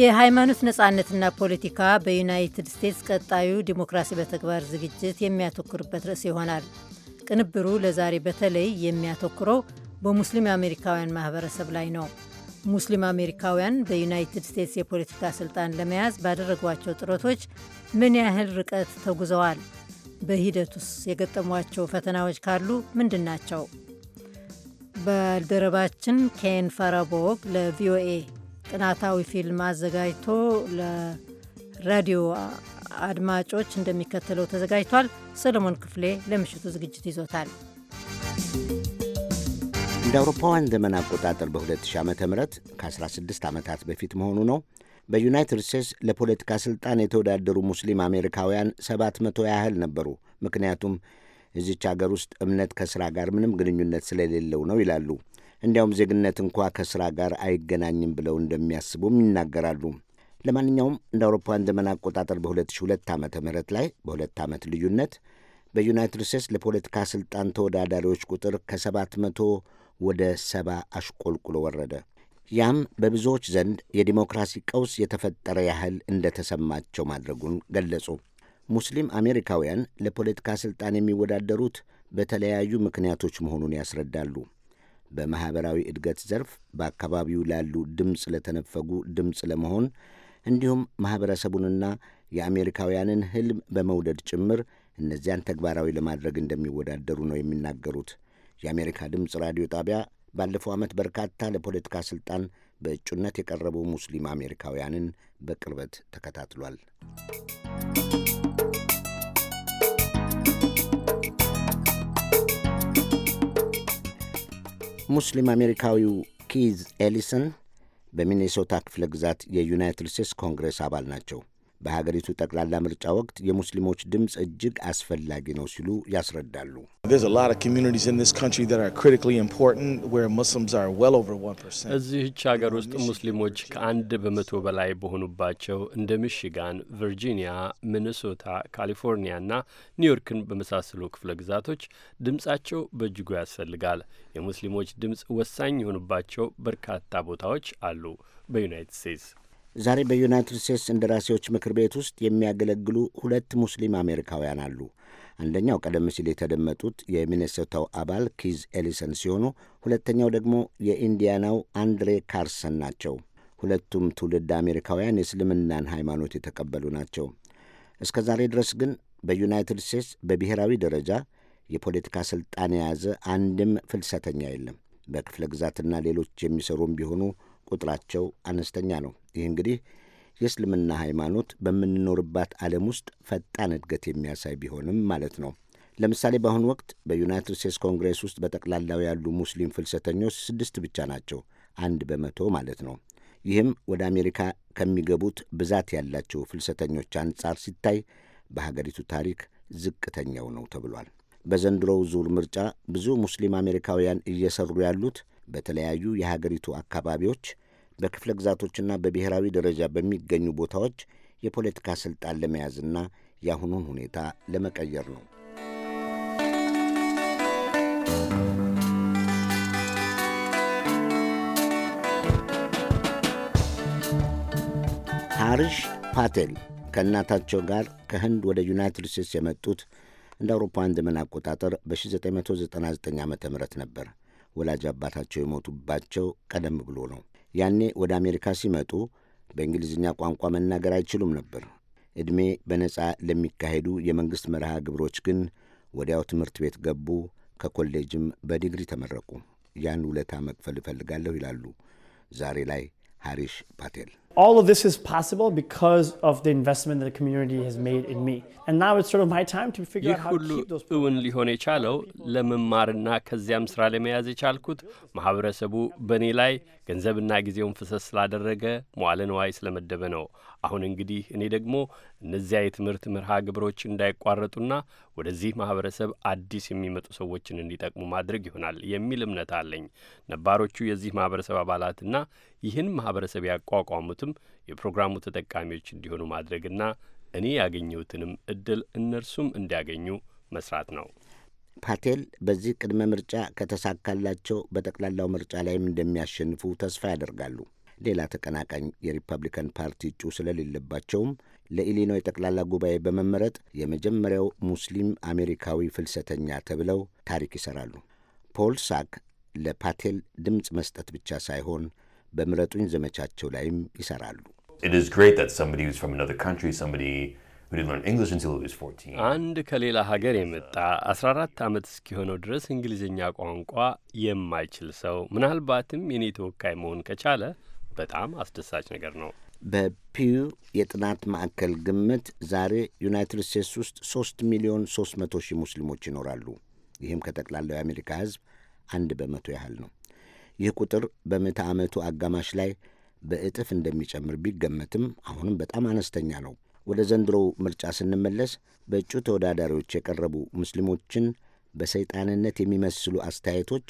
Speaker 1: የሃይማኖት ነጻነትና ፖለቲካ በዩናይትድ ስቴትስ ቀጣዩ ዲሞክራሲ በተግባር ዝግጅት የሚያተኩርበት ርዕስ ይሆናል። ቅንብሩ ለዛሬ በተለይ የሚያተኩረው በሙስሊም አሜሪካውያን ማህበረሰብ ላይ ነው። ሙስሊም አሜሪካውያን በዩናይትድ ስቴትስ የፖለቲካ ስልጣን ለመያዝ ባደረጓቸው ጥረቶች ምን ያህል ርቀት ተጉዘዋል? በሂደቱስ የገጠሟቸው ፈተናዎች ካሉ ምንድን ናቸው? ባልደረባችን ኬን ፋራቦግ ለቪኦኤ ጥናታዊ ፊልም አዘጋጅቶ ለራዲዮ አድማጮች እንደሚከተለው ተዘጋጅቷል። ሰለሞን ክፍሌ ለምሽቱ ዝግጅት ይዞታል።
Speaker 5: እንደ አውሮፓውያን ዘመን አቆጣጠር በ2000 ዓ ም ከ16 ዓመታት በፊት መሆኑ ነው። በዩናይትድ ስቴትስ ለፖለቲካ ሥልጣን የተወዳደሩ ሙስሊም አሜሪካውያን 700 ያህል ነበሩ። ምክንያቱም እዚች አገር ውስጥ እምነት ከሥራ ጋር ምንም ግንኙነት ስለሌለው ነው ይላሉ። እንዲያውም ዜግነት እንኳ ከሥራ ጋር አይገናኝም ብለው እንደሚያስቡም ይናገራሉ። ለማንኛውም እንደ አውሮፓውያን ዘመን አቆጣጠር በ2002 ዓ ም ላይ በሁለት ዓመት ልዩነት በዩናይትድ ስቴትስ ለፖለቲካ ሥልጣን ተወዳዳሪዎች ቁጥር ከ700 ወደ ሰባ አሽቆልቁሎ ወረደ። ያም በብዙዎች ዘንድ የዲሞክራሲ ቀውስ የተፈጠረ ያህል እንደተሰማቸው ማድረጉን ገለጹ። ሙስሊም አሜሪካውያን ለፖለቲካ ሥልጣን የሚወዳደሩት በተለያዩ ምክንያቶች መሆኑን ያስረዳሉ። በማኅበራዊ እድገት ዘርፍ፣ በአካባቢው ላሉ ድምፅ ለተነፈጉ ድምፅ ለመሆን እንዲሁም ማኅበረሰቡንና የአሜሪካውያንን ሕልም በመውደድ ጭምር እነዚያን ተግባራዊ ለማድረግ እንደሚወዳደሩ ነው የሚናገሩት። የአሜሪካ ድምፅ ራዲዮ ጣቢያ ባለፈው ዓመት በርካታ ለፖለቲካ ሥልጣን በእጩነት የቀረቡ ሙስሊም አሜሪካውያንን በቅርበት ተከታትሏል። ሙስሊም አሜሪካዊው ኪዝ ኤሊሰን በሚኔሶታ ክፍለ ግዛት የዩናይትድ ስቴትስ ኮንግረስ አባል ናቸው። በሀገሪቱ ጠቅላላ ምርጫ ወቅት የሙስሊሞች ድምፅ እጅግ አስፈላጊ ነው ሲሉ ያስረዳሉ።
Speaker 8: እዚህች ሀገር ውስጥ ሙስሊሞች ከአንድ በመቶ በላይ በሆኑባቸው እንደ ሚሽጋን፣ ቨርጂኒያ፣ ሚኒሶታ፣ እና ኒውዮርክን በመሳሰሉ ክፍለ ግዛቶች ድምጻቸው በእጅጉ ያስፈልጋል። የሙስሊሞች ድምፅ ወሳኝ የሆኑባቸው በርካታ ቦታዎች አሉ በዩናይትድ ስቴትስ
Speaker 5: ዛሬ በዩናይትድ ስቴትስ እንደራሴዎች ምክር ቤት ውስጥ የሚያገለግሉ ሁለት ሙስሊም አሜሪካውያን አሉ። አንደኛው ቀደም ሲል የተደመጡት የሚኔሶታው አባል ኪዝ ኤሊሰን ሲሆኑ ሁለተኛው ደግሞ የኢንዲያናው አንድሬ ካርሰን ናቸው። ሁለቱም ትውልድ አሜሪካውያን የእስልምናን ሃይማኖት የተቀበሉ ናቸው። እስከ ዛሬ ድረስ ግን በዩናይትድ ስቴትስ በብሔራዊ ደረጃ የፖለቲካ ስልጣን የያዘ አንድም ፍልሰተኛ የለም። በክፍለ ግዛትና ሌሎች የሚሰሩም ቢሆኑ ቁጥራቸው አነስተኛ ነው። ይህ እንግዲህ የእስልምና ሃይማኖት በምንኖርባት ዓለም ውስጥ ፈጣን እድገት የሚያሳይ ቢሆንም ማለት ነው። ለምሳሌ በአሁኑ ወቅት በዩናይትድ ስቴትስ ኮንግሬስ ውስጥ በጠቅላላው ያሉ ሙስሊም ፍልሰተኞች ስድስት ብቻ ናቸው፣ አንድ በመቶ ማለት ነው። ይህም ወደ አሜሪካ ከሚገቡት ብዛት ያላቸው ፍልሰተኞች አንጻር ሲታይ በሀገሪቱ ታሪክ ዝቅተኛው ነው ተብሏል። በዘንድሮው ዙር ምርጫ ብዙ ሙስሊም አሜሪካውያን እየሰሩ ያሉት በተለያዩ የሀገሪቱ አካባቢዎች በክፍለ ግዛቶችና በብሔራዊ ደረጃ በሚገኙ ቦታዎች የፖለቲካ ሥልጣን ለመያዝና የአሁኑን ሁኔታ ለመቀየር ነው። ሃሪሽ ፓቴል ከእናታቸው ጋር ከህንድ ወደ ዩናይትድ ስቴትስ የመጡት እንደ አውሮፓውያን ዘመን አቆጣጠር በ1999 ዓ ም ነበር። ወላጅ አባታቸው የሞቱባቸው ቀደም ብሎ ነው። ያኔ ወደ አሜሪካ ሲመጡ በእንግሊዝኛ ቋንቋ መናገር አይችሉም ነበር። ዕድሜ በነጻ ለሚካሄዱ የመንግሥት መርሃ ግብሮች ግን ወዲያው ትምህርት ቤት ገቡ፣ ከኮሌጅም በዲግሪ ተመረቁ። ያን ውለታ መክፈል እፈልጋለሁ ይላሉ ዛሬ ላይ ሐሪሽ ፓቴል።
Speaker 8: all of this is possible because of the investment that the community has made in me. And now it's sort of my time to figure out how to keep
Speaker 5: those እውን ሊሆን
Speaker 8: የቻለው ለመማርና ከዚያም ስራ ለመያዝ የቻልኩት ማህበረሰቡ በእኔ ላይ ገንዘብና ጊዜውን ፍሰስ ስላደረገ መዋለ ንዋይ ስለመደበ ነው። አሁን እንግዲህ እኔ ደግሞ እነዚያ የትምህርት መርሃ ግብሮች እንዳይቋረጡና ወደዚህ ማህበረሰብ አዲስ የሚመጡ ሰዎችን እንዲጠቅሙ ማድረግ ይሆናል የሚል እምነት አለኝ። ነባሮቹ የዚህ ማህበረሰብ አባላትና ይህን ማህበረሰብ ያቋቋሙትም የፕሮግራሙ ተጠቃሚዎች እንዲሆኑ ማድረግና እኔ ያገኘሁትንም እድል እነርሱም እንዲያገኙ መስራት ነው።
Speaker 5: ፓቴል በዚህ ቅድመ ምርጫ ከተሳካላቸው በጠቅላላው ምርጫ ላይም እንደሚያሸንፉ ተስፋ ያደርጋሉ። ሌላ ተቀናቃኝ የሪፐብሊካን ፓርቲ እጩ ስለሌለባቸውም ለኢሊኖይ ጠቅላላ ጉባኤ በመመረጥ የመጀመሪያው ሙስሊም አሜሪካዊ ፍልሰተኛ ተብለው ታሪክ ይሰራሉ። ፖል ሳክ ለፓቴል ድምፅ መስጠት ብቻ ሳይሆን በምረጡኝ ዘመቻቸው ላይም ይሰራሉ።
Speaker 8: አንድ ከሌላ ሀገር የመጣ 14 ዓመት እስኪሆነው ድረስ እንግሊዝኛ ቋንቋ የማይችል ሰው ምናልባትም የኔ ተወካይ መሆን ከቻለ በጣም አስደሳች ነገር ነው።
Speaker 5: በፒዩ የጥናት ማዕከል ግምት ዛሬ ዩናይትድ ስቴትስ ውስጥ ሶስት ሚሊዮን 3 ሺህ ሙስሊሞች ይኖራሉ። ይህም ከጠቅላላው የአሜሪካ ሕዝብ አንድ በመቶ ያህል ነው። ይህ ቁጥር በምዕተ ዓመቱ አጋማሽ ላይ በእጥፍ እንደሚጨምር ቢገመትም አሁንም በጣም አነስተኛ ነው። ወደ ዘንድሮው ምርጫ ስንመለስ በእጩ ተወዳዳሪዎች የቀረቡ ሙስሊሞችን በሰይጣንነት የሚመስሉ አስተያየቶች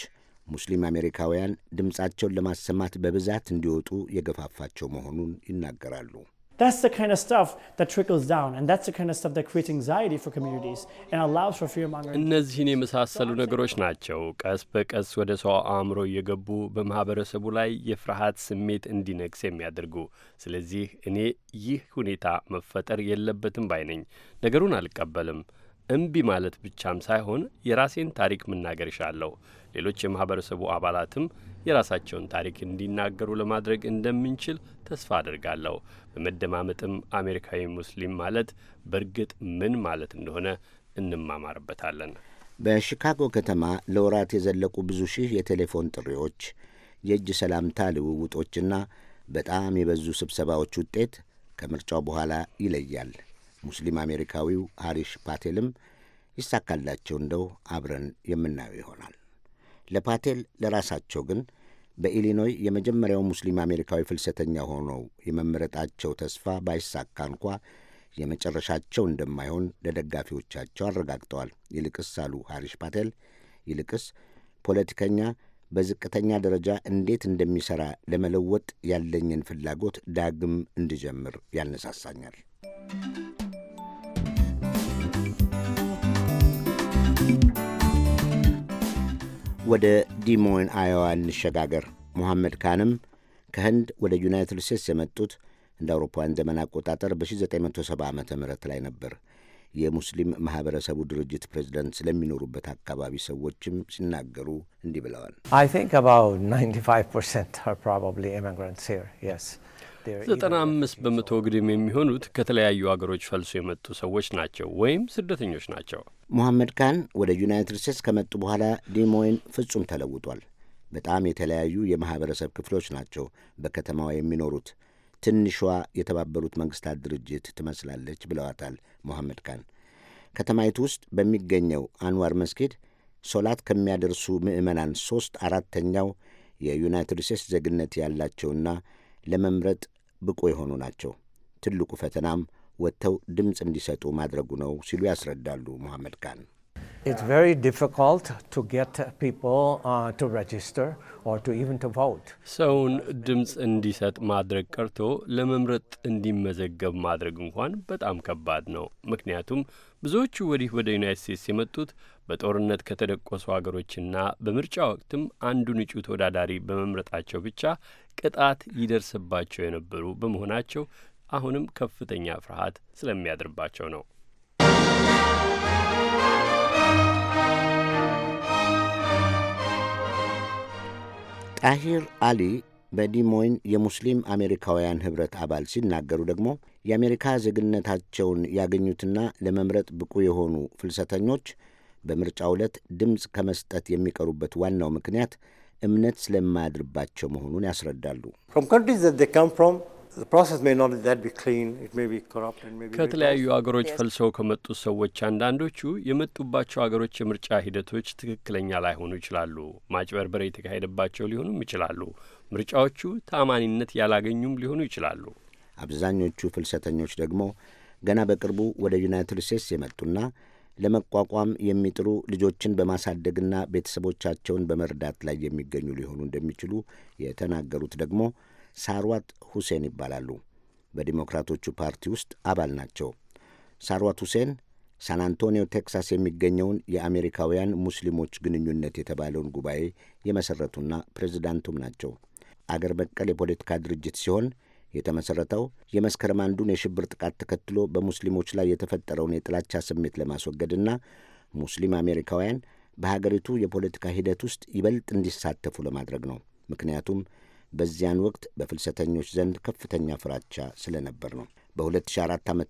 Speaker 5: ሙስሊም አሜሪካውያን ድምፃቸውን ለማሰማት በብዛት እንዲወጡ የገፋፋቸው መሆኑን ይናገራሉ። እነዚህን
Speaker 8: የመሳሰሉ ነገሮች ናቸው ቀስ በቀስ ወደ ሰው አእምሮ እየገቡ በማህበረሰቡ ላይ የፍርሃት ስሜት እንዲነግስ የሚያደርጉ። ስለዚህ እኔ ይህ ሁኔታ መፈጠር የለበትም ባይ ነኝ። ነገሩን አልቀበልም። እምቢ ማለት ብቻም ሳይሆን የራሴን ታሪክ መናገር እሻለሁ። ሌሎች የማህበረሰቡ አባላትም የራሳቸውን ታሪክ እንዲናገሩ ለማድረግ እንደምንችል ተስፋ አድርጋለሁ። በመደማመጥም አሜሪካዊ ሙስሊም ማለት በእርግጥ ምን ማለት እንደሆነ እንማማርበታለን።
Speaker 5: በሺካጎ ከተማ ለወራት የዘለቁ ብዙ ሺህ የቴሌፎን ጥሪዎች፣ የእጅ ሰላምታ ልውውጦችና በጣም የበዙ ስብሰባዎች ውጤት ከምርጫው በኋላ ይለያል። ሙስሊም አሜሪካዊው ሀሪሽ ፓቴልም ይሳካላቸው እንደው አብረን የምናየው ይሆናል። ለፓቴል ለራሳቸው ግን በኢሊኖይ የመጀመሪያው ሙስሊም አሜሪካዊ ፍልሰተኛ ሆነው የመመረጣቸው ተስፋ ባይሳካ እንኳ የመጨረሻቸው እንደማይሆን ለደጋፊዎቻቸው አረጋግጠዋል። ይልቅስ አሉ ሐሪሽ ፓቴል፣ ይልቅስ ፖለቲከኛ በዝቅተኛ ደረጃ እንዴት እንደሚሠራ ለመለወጥ ያለኝን ፍላጎት ዳግም እንድጀምር ያነሳሳኛል። ወደ ዲሞይን አዮዋ እንሸጋገር። ሞሐመድ ካንም ከህንድ ወደ ዩናይትድ ስቴትስ የመጡት እንደ አውሮፓውያን ዘመን አቆጣጠር በ1970 ዓ ም ላይ ነበር። የሙስሊም ማህበረሰቡ ድርጅት ፕሬዚደንት ስለሚኖሩበት አካባቢ ሰዎችም ሲናገሩ እንዲህ ብለዋል። ዘጠና አምስት በመቶ ግድም የሚሆኑት
Speaker 8: ከተለያዩ አገሮች ፈልሶ የመጡ ሰዎች ናቸው ወይም ስደተኞች ናቸው።
Speaker 5: ሙሐመድ ካን ወደ ዩናይትድ ስቴትስ ከመጡ በኋላ ዲሞይን ፍጹም ተለውጧል። በጣም የተለያዩ የማኅበረሰብ ክፍሎች ናቸው በከተማዋ የሚኖሩት። ትንሿ የተባበሩት መንግሥታት ድርጅት ትመስላለች ብለዋታል ሙሐመድ ካን። ከተማይቱ ውስጥ በሚገኘው አንዋር መስጊድ ሶላት ከሚያደርሱ ምዕመናን ሦስት አራተኛው የዩናይትድ ስቴትስ ዜግነት ያላቸውና ለመምረጥ ብቁ የሆኑ ናቸው። ትልቁ ፈተናም ወጥተው ድምፅ እንዲሰጡ ማድረጉ ነው ሲሉ ያስረዳሉ መሐመድ ካን።
Speaker 8: ሰውን ድምፅ እንዲሰጥ ማድረግ ቀርቶ ለመምረጥ እንዲመዘገብ ማድረግ እንኳን በጣም ከባድ ነው። ምክንያቱም ብዙዎቹ ወዲህ ወደ ዩናይት ስቴትስ የመጡት በጦርነት ከተደቆሱ አገሮችና በምርጫ ወቅትም አንዱን እጩ ተወዳዳሪ በመምረጣቸው ብቻ ቅጣት ይደርስባቸው የነበሩ በመሆናቸው አሁንም ከፍተኛ ፍርሃት ስለሚያድርባቸው ነው።
Speaker 5: ጣሂር አሊ በዲሞይን የሙስሊም አሜሪካውያን ኅብረት አባል ሲናገሩ ደግሞ የአሜሪካ ዜግነታቸውን ያገኙትና ለመምረጥ ብቁ የሆኑ ፍልሰተኞች በምርጫው ዕለት ድምፅ ከመስጠት የሚቀሩበት ዋናው ምክንያት እምነት ስለማያድርባቸው መሆኑን ያስረዳሉ።
Speaker 3: ከተለያዩ አገሮች
Speaker 8: ፈልሰው ከመጡት ሰዎች አንዳንዶቹ የመጡባቸው አገሮች የምርጫ ሂደቶች ትክክለኛ ላይሆኑ ይችላሉ። ማጭበርበር የተካሄደባቸው ሊሆኑም ይችላሉ። ምርጫዎቹ ታማኒነት ያላገኙም ሊሆኑ ይችላሉ።
Speaker 5: አብዛኞቹ ፍልሰተኞች ደግሞ ገና በቅርቡ ወደ ዩናይትድ ስቴትስ የመጡና ለመቋቋም የሚጥሩ ልጆችን በማሳደግና ቤተሰቦቻቸውን በመርዳት ላይ የሚገኙ ሊሆኑ እንደሚችሉ የተናገሩት ደግሞ ሳርዋት ሁሴን ይባላሉ። በዲሞክራቶቹ ፓርቲ ውስጥ አባል ናቸው። ሳርዋት ሁሴን ሳን አንቶኒዮ ቴክሳስ የሚገኘውን የአሜሪካውያን ሙስሊሞች ግንኙነት የተባለውን ጉባኤ የመሠረቱና ፕሬዚዳንቱም ናቸው። አገር በቀል የፖለቲካ ድርጅት ሲሆን የተመሠረተው የመስከረም አንዱን የሽብር ጥቃት ተከትሎ በሙስሊሞች ላይ የተፈጠረውን የጥላቻ ስሜት ለማስወገድና ሙስሊም አሜሪካውያን በሀገሪቱ የፖለቲካ ሂደት ውስጥ ይበልጥ እንዲሳተፉ ለማድረግ ነው። ምክንያቱም በዚያን ወቅት በፍልሰተኞች ዘንድ ከፍተኛ ፍራቻ ስለነበር ነው። በ2004 ዓ ም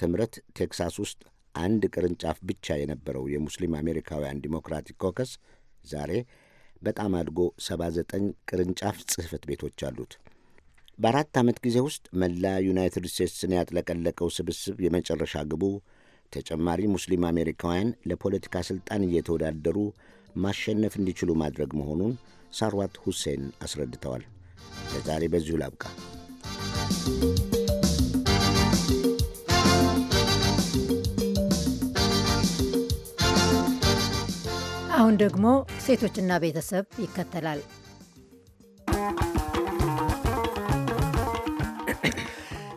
Speaker 5: ቴክሳስ ውስጥ አንድ ቅርንጫፍ ብቻ የነበረው የሙስሊም አሜሪካውያን ዲሞክራቲክ ኮከስ ዛሬ በጣም አድጎ 79 ቅርንጫፍ ጽህፈት ቤቶች አሉት። በአራት ዓመት ጊዜ ውስጥ መላ ዩናይትድ ስቴትስን ያጥለቀለቀው ስብስብ የመጨረሻ ግቡ ተጨማሪ ሙስሊም አሜሪካውያን ለፖለቲካ ሥልጣን እየተወዳደሩ ማሸነፍ እንዲችሉ ማድረግ መሆኑን ሳርዋት ሁሴን አስረድተዋል። ለዛሬ በዚሁ ላብቃ።
Speaker 1: አሁን ደግሞ ሴቶችና ቤተሰብ ይከተላል።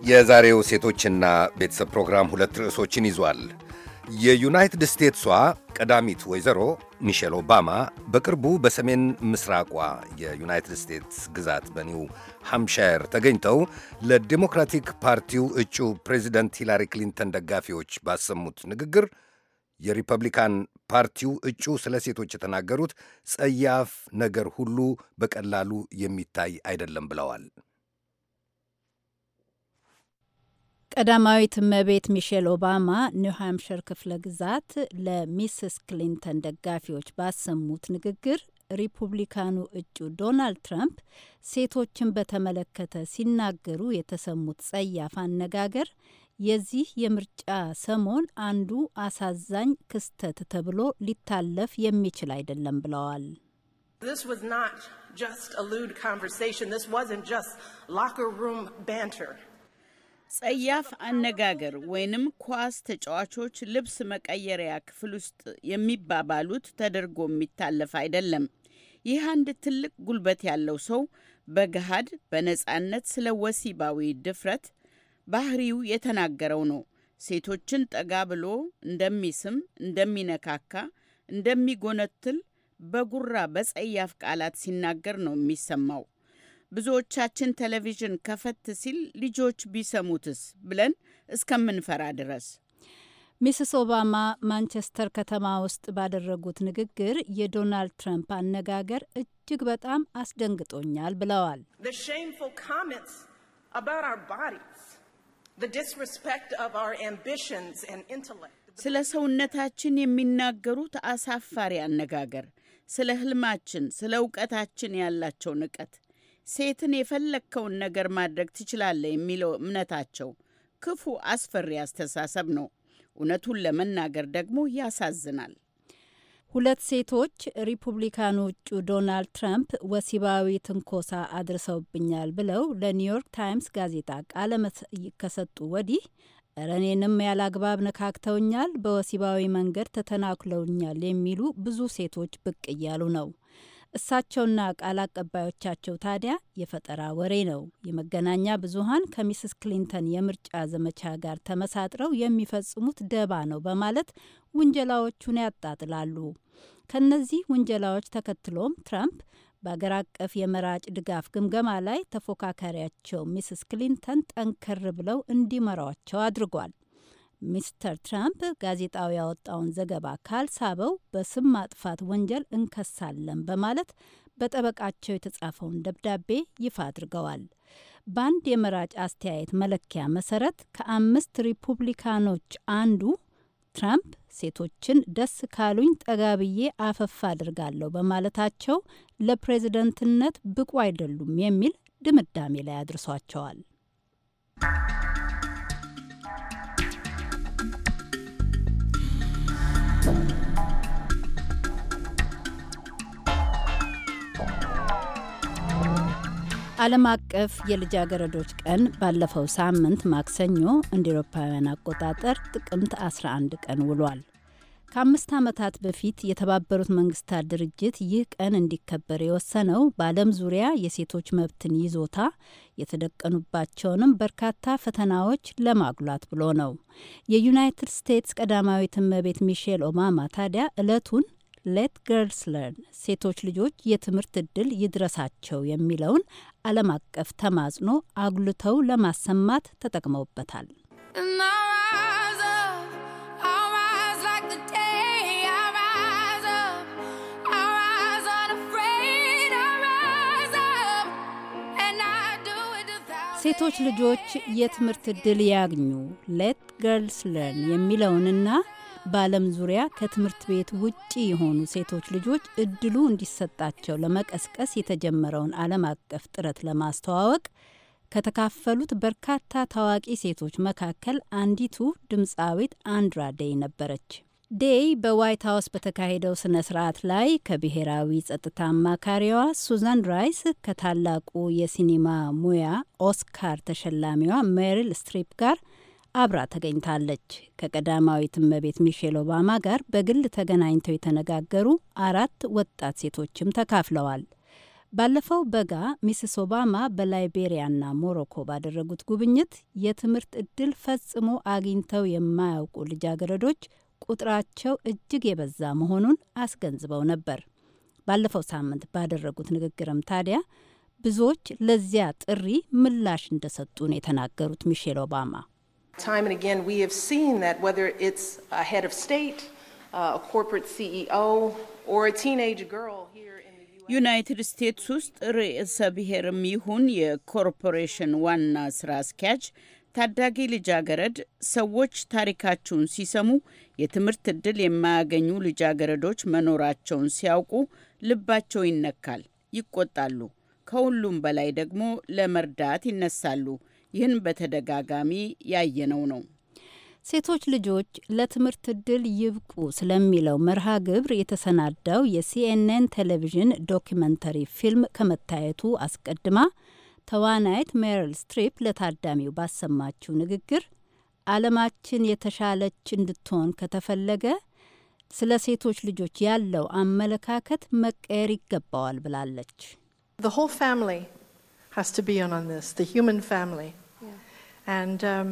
Speaker 2: የዛሬው ሴቶችና ቤተሰብ ፕሮግራም ሁለት ርዕሶችን ይዟል። የዩናይትድ ስቴትሷ ቀዳሚት ወይዘሮ ሚሼል ኦባማ በቅርቡ በሰሜን ምስራቋ የዩናይትድ ስቴትስ ግዛት በኒው ሃምሻየር ተገኝተው ለዲሞክራቲክ ፓርቲው እጩ ፕሬዚደንት ሂላሪ ክሊንተን ደጋፊዎች ባሰሙት ንግግር የሪፐብሊካን ፓርቲው እጩ ስለ ሴቶች የተናገሩት ጸያፍ ነገር ሁሉ በቀላሉ የሚታይ አይደለም ብለዋል።
Speaker 11: ቀዳማዊት እመቤት ሚሼል ኦባማ ኒው ክፍለ ግዛት ለሚስስ ክሊንተን ደጋፊዎች ባሰሙት ንግግር ሪፑብሊካኑ እጩ ዶናልድ ትራምፕ ሴቶችን በተመለከተ ሲናገሩ የተሰሙት ጸያፍ አነጋገር የዚህ የምርጫ ሰሞን አንዱ አሳዛኝ ክስተት ተብሎ ሊታለፍ የሚችል አይደለም ብለዋል። ጸያፍ አነጋገር
Speaker 12: ወይንም ኳስ ተጫዋቾች ልብስ መቀየሪያ ክፍል ውስጥ የሚባባሉት ተደርጎ የሚታለፍ አይደለም። ይህ አንድ ትልቅ ጉልበት ያለው ሰው በገሃድ በነጻነት ስለ ወሲባዊ ድፍረት ባህሪው የተናገረው ነው። ሴቶችን ጠጋ ብሎ እንደሚስም፣ እንደሚነካካ፣ እንደሚጎነትል በጉራ በጸያፍ ቃላት ሲናገር ነው የሚሰማው። ብዙዎቻችን ቴሌቪዥን ከፈት ሲል ልጆች ቢሰሙትስ ብለን እስከምንፈራ
Speaker 11: ድረስ። ሚስስ ኦባማ ማንቸስተር ከተማ ውስጥ ባደረጉት ንግግር የዶናልድ ትራምፕ አነጋገር እጅግ በጣም አስደንግጦኛል ብለዋል።
Speaker 12: ስለ ሰውነታችን የሚናገሩት አሳፋሪ አነጋገር፣ ስለ ህልማችን፣ ስለ እውቀታችን ያላቸው ንቀት ሴትን የፈለግከውን ነገር ማድረግ ትችላለህ የሚለው እምነታቸው ክፉ አስፈሪ አስተሳሰብ ነው። እውነቱን ለመናገር ደግሞ ያሳዝናል።
Speaker 11: ሁለት ሴቶች ሪፑብሊካኑ እጩ ዶናልድ ትራምፕ ወሲባዊ ትንኮሳ አድርሰውብኛል ብለው ለኒውዮርክ ታይምስ ጋዜጣ ቃለ መጠይቅ ከሰጡ ወዲህ እረ እኔንም ያለ አግባብ ነካክተውኛል፣ በወሲባዊ መንገድ ተተናክለውኛል የሚሉ ብዙ ሴቶች ብቅ እያሉ ነው። እሳቸውና ቃል አቀባዮቻቸው ታዲያ የፈጠራ ወሬ ነው፣ የመገናኛ ብዙሃን ከሚስስ ክሊንተን የምርጫ ዘመቻ ጋር ተመሳጥረው የሚፈጽሙት ደባ ነው በማለት ውንጀላዎቹን ያጣጥላሉ። ከነዚህ ውንጀላዎች ተከትሎም ትራምፕ በአገር አቀፍ የመራጭ ድጋፍ ግምገማ ላይ ተፎካካሪያቸው ሚስስ ክሊንተን ጠንከር ብለው እንዲመሯቸው አድርጓል። ሚስተር ትራምፕ ጋዜጣው ያወጣውን ዘገባ ካልሳበው በስም ማጥፋት ወንጀል እንከሳለን በማለት በጠበቃቸው የተጻፈውን ደብዳቤ ይፋ አድርገዋል። በአንድ የመራጭ አስተያየት መለኪያ መሰረት ከአምስት ሪፑብሊካኖች አንዱ ትራምፕ ሴቶችን ደስ ካሉኝ ጠጋብዬ አፈፋ አፈፍ አድርጋለሁ በማለታቸው ለፕሬዝደንትነት ብቁ አይደሉም የሚል ድምዳሜ ላይ አድርሷቸዋል። ዓለም አቀፍ የልጃገረዶች ቀን ባለፈው ሳምንት ማክሰኞ እንደ ኤሮፓውያን አቆጣጠር ጥቅምት 11 ቀን ውሏል። ከአምስት ዓመታት በፊት የተባበሩት መንግስታት ድርጅት ይህ ቀን እንዲከበር የወሰነው በዓለም ዙሪያ የሴቶች መብትን ይዞታ የተደቀኑባቸውንም በርካታ ፈተናዎች ለማጉላት ብሎ ነው። የዩናይትድ ስቴትስ ቀዳማዊት እመቤት ሚሼል ኦባማ ታዲያ እለቱን ሌት ገርልስ ለርን ሴቶች ልጆች የትምህርት እድል ይድረሳቸው የሚለውን ዓለም አቀፍ ተማጽኖ አጉልተው ለማሰማት ተጠቅመውበታል። ሴቶች ልጆች የትምህርት ዕድል ያግኙ ሌት ገርልስ ለርን የሚለውንና በዓለም ዙሪያ ከትምህርት ቤት ውጪ የሆኑ ሴቶች ልጆች እድሉ እንዲሰጣቸው ለመቀስቀስ የተጀመረውን ዓለም አቀፍ ጥረት ለማስተዋወቅ ከተካፈሉት በርካታ ታዋቂ ሴቶች መካከል አንዲቱ ድምፃዊት አንድራ ዴይ ነበረች። ዴይ በዋይት ሀውስ በተካሄደው ስነ ስርዓት ላይ ከብሔራዊ ጸጥታ አማካሪዋ ሱዛን ራይስ ከታላቁ የሲኒማ ሙያ ኦስካር ተሸላሚዋ ሜሪል ስትሪፕ ጋር አብራ ተገኝታለች። ከቀዳማዊት እመቤት ሚሼል ኦባማ ጋር በግል ተገናኝተው የተነጋገሩ አራት ወጣት ሴቶችም ተካፍለዋል። ባለፈው በጋ ሚስስ ኦባማ በላይቤሪያና ሞሮኮ ባደረጉት ጉብኝት የትምህርት እድል ፈጽሞ አግኝተው የማያውቁ ልጃገረዶች ቁጥራቸው እጅግ የበዛ መሆኑን አስገንዝበው ነበር። ባለፈው ሳምንት ባደረጉት ንግግርም ታዲያ ብዙዎች ለዚያ ጥሪ ምላሽ እንደሰጡ ነው የተናገሩት። ሚሼል ኦባማ e
Speaker 12: ዩናይትድ ስቴትስ ውስጥ ርዕሰ ብሔርም ይሁን የኮርፖሬሽን ዋና ስራ አስኪያጅ ታዳጊ ልጃገረድ ሰዎች ታሪካችሁን ሲሰሙ የትምህርት ዕድል የማያገኙ ልጃገረዶች መኖራቸውን ሲያውቁ ልባቸው ይነካል፣ ይቆጣሉ፣ ከሁሉም በላይ ደግሞ
Speaker 11: ለመርዳት
Speaker 12: ይነሳሉ። ይህን በተደጋጋሚ ያየነው ነው።
Speaker 11: ሴቶች ልጆች ለትምህርት ዕድል ይብቁ ስለሚለው መርሃ ግብር የተሰናዳው የሲኤንኤን ቴሌቪዥን ዶኪመንተሪ ፊልም ከመታየቱ አስቀድማ ተዋናይት ሜሪል ስትሪፕ ለታዳሚው ባሰማችው ንግግር ዓለማችን የተሻለች እንድትሆን ከተፈለገ ስለ ሴቶች ልጆች ያለው አመለካከት መቀየር ይገባዋል ብላለች። um,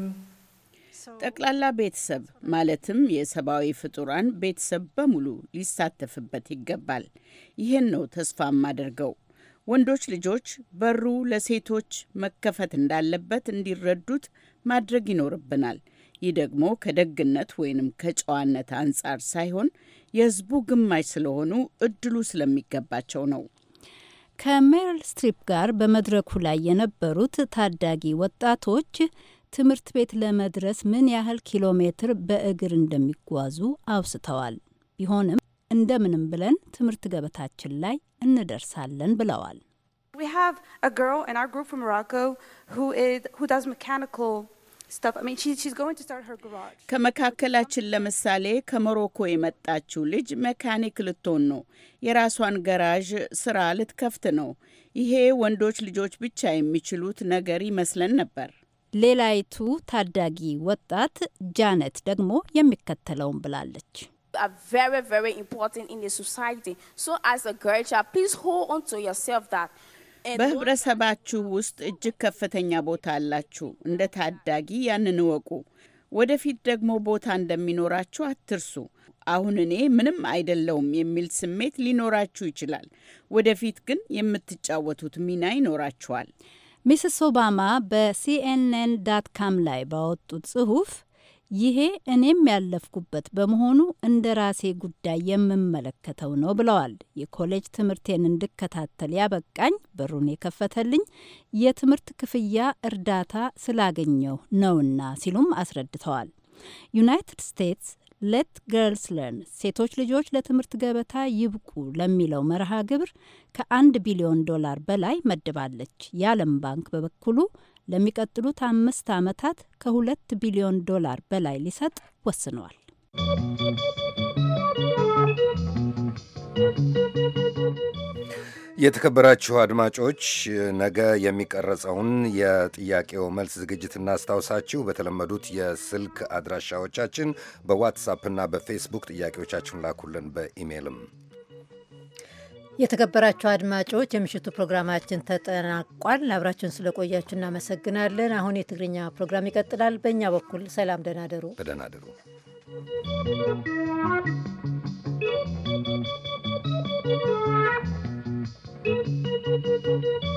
Speaker 11: ጠቅላላ
Speaker 12: ቤተሰብ ማለትም የሰብአዊ ፍጡራን ቤተሰብ በሙሉ ሊሳተፍበት ይገባል። ይህን ነው ተስፋ የማደርገው። ወንዶች ልጆች በሩ ለሴቶች መከፈት እንዳለበት እንዲረዱት ማድረግ ይኖርብናል። ይህ ደግሞ ከደግነት ወይንም ከጨዋነት አንጻር ሳይሆን የህዝቡ ግማሽ ስለሆኑ
Speaker 11: እድሉ ስለሚገባቸው ነው። ከሜሪል ስትሪፕ ጋር በመድረኩ ላይ የነበሩት ታዳጊ ወጣቶች ትምህርት ቤት ለመድረስ ምን ያህል ኪሎ ሜትር በእግር እንደሚጓዙ አውስተዋል። ቢሆንም እንደምንም ብለን ትምህርት ገበታችን ላይ እንደርሳለን ብለዋል።
Speaker 12: ከመካከላችን ለምሳሌ ከሞሮኮ የመጣችው ልጅ መካኒክ ልትሆን ነው። የራሷን ገራዥ ስራ ልትከፍት ነው። ይሄ ወንዶች ልጆች ብቻ
Speaker 11: የሚችሉት ነገር ይመስለን ነበር። ሌላይቱ ታዳጊ ወጣት ጃነት ደግሞ የሚከተለውን ብላለች።
Speaker 12: are very, very important in the society. So as a girl child, please hold on to yourself that
Speaker 11: በህብረተሰባችሁ ውስጥ
Speaker 12: እጅግ ከፍተኛ ቦታ አላችሁ። እንደ ታዳጊ ያንን እወቁ። ወደፊት ደግሞ ቦታ እንደሚኖራችሁ አትርሱ። አሁን እኔ ምንም አይደለውም የሚል ስሜት ሊኖራችሁ ይችላል። ወደፊት ግን የምትጫወቱት ሚና ይኖራችኋል።
Speaker 11: ሚስስ ኦባማ በሲኤንኤን ዳት ካም ላይ ባወጡት ጽሁፍ ይሄ እኔም ያለፍኩበት በመሆኑ እንደ ራሴ ጉዳይ የምመለከተው ነው ብለዋል። የኮሌጅ ትምህርቴን እንድከታተል ያበቃኝ በሩን የከፈተልኝ የትምህርት ክፍያ እርዳታ ስላገኘው ነውና ሲሉም አስረድተዋል። ዩናይትድ ስቴትስ ሌት ገርልስ ለርን ሴቶች ልጆች ለትምህርት ገበታ ይብቁ ለሚለው መርሃ ግብር ከአንድ ቢሊዮን ዶላር በላይ መድባለች። የዓለም ባንክ በበኩሉ ለሚቀጥሉት አምስት ዓመታት ከሁለት ቢሊዮን ዶላር በላይ ሊሰጥ ወስኗል።
Speaker 2: የተከበራችሁ አድማጮች ነገ የሚቀረጸውን የጥያቄው መልስ ዝግጅት እናስታውሳችሁ። በተለመዱት የስልክ አድራሻዎቻችን በዋትሳፕና በፌስቡክ ጥያቄዎቻችሁን ላኩልን፣ በኢሜይልም
Speaker 1: የተከበራችሁ አድማጮች የምሽቱ ፕሮግራማችን ተጠናቋል። አብራችን ስለቆያችሁ እናመሰግናለን። አሁን የትግርኛ ፕሮግራም ይቀጥላል። በእኛ በኩል ሰላም፣ ደህና ደሩ፣
Speaker 2: ደሩ።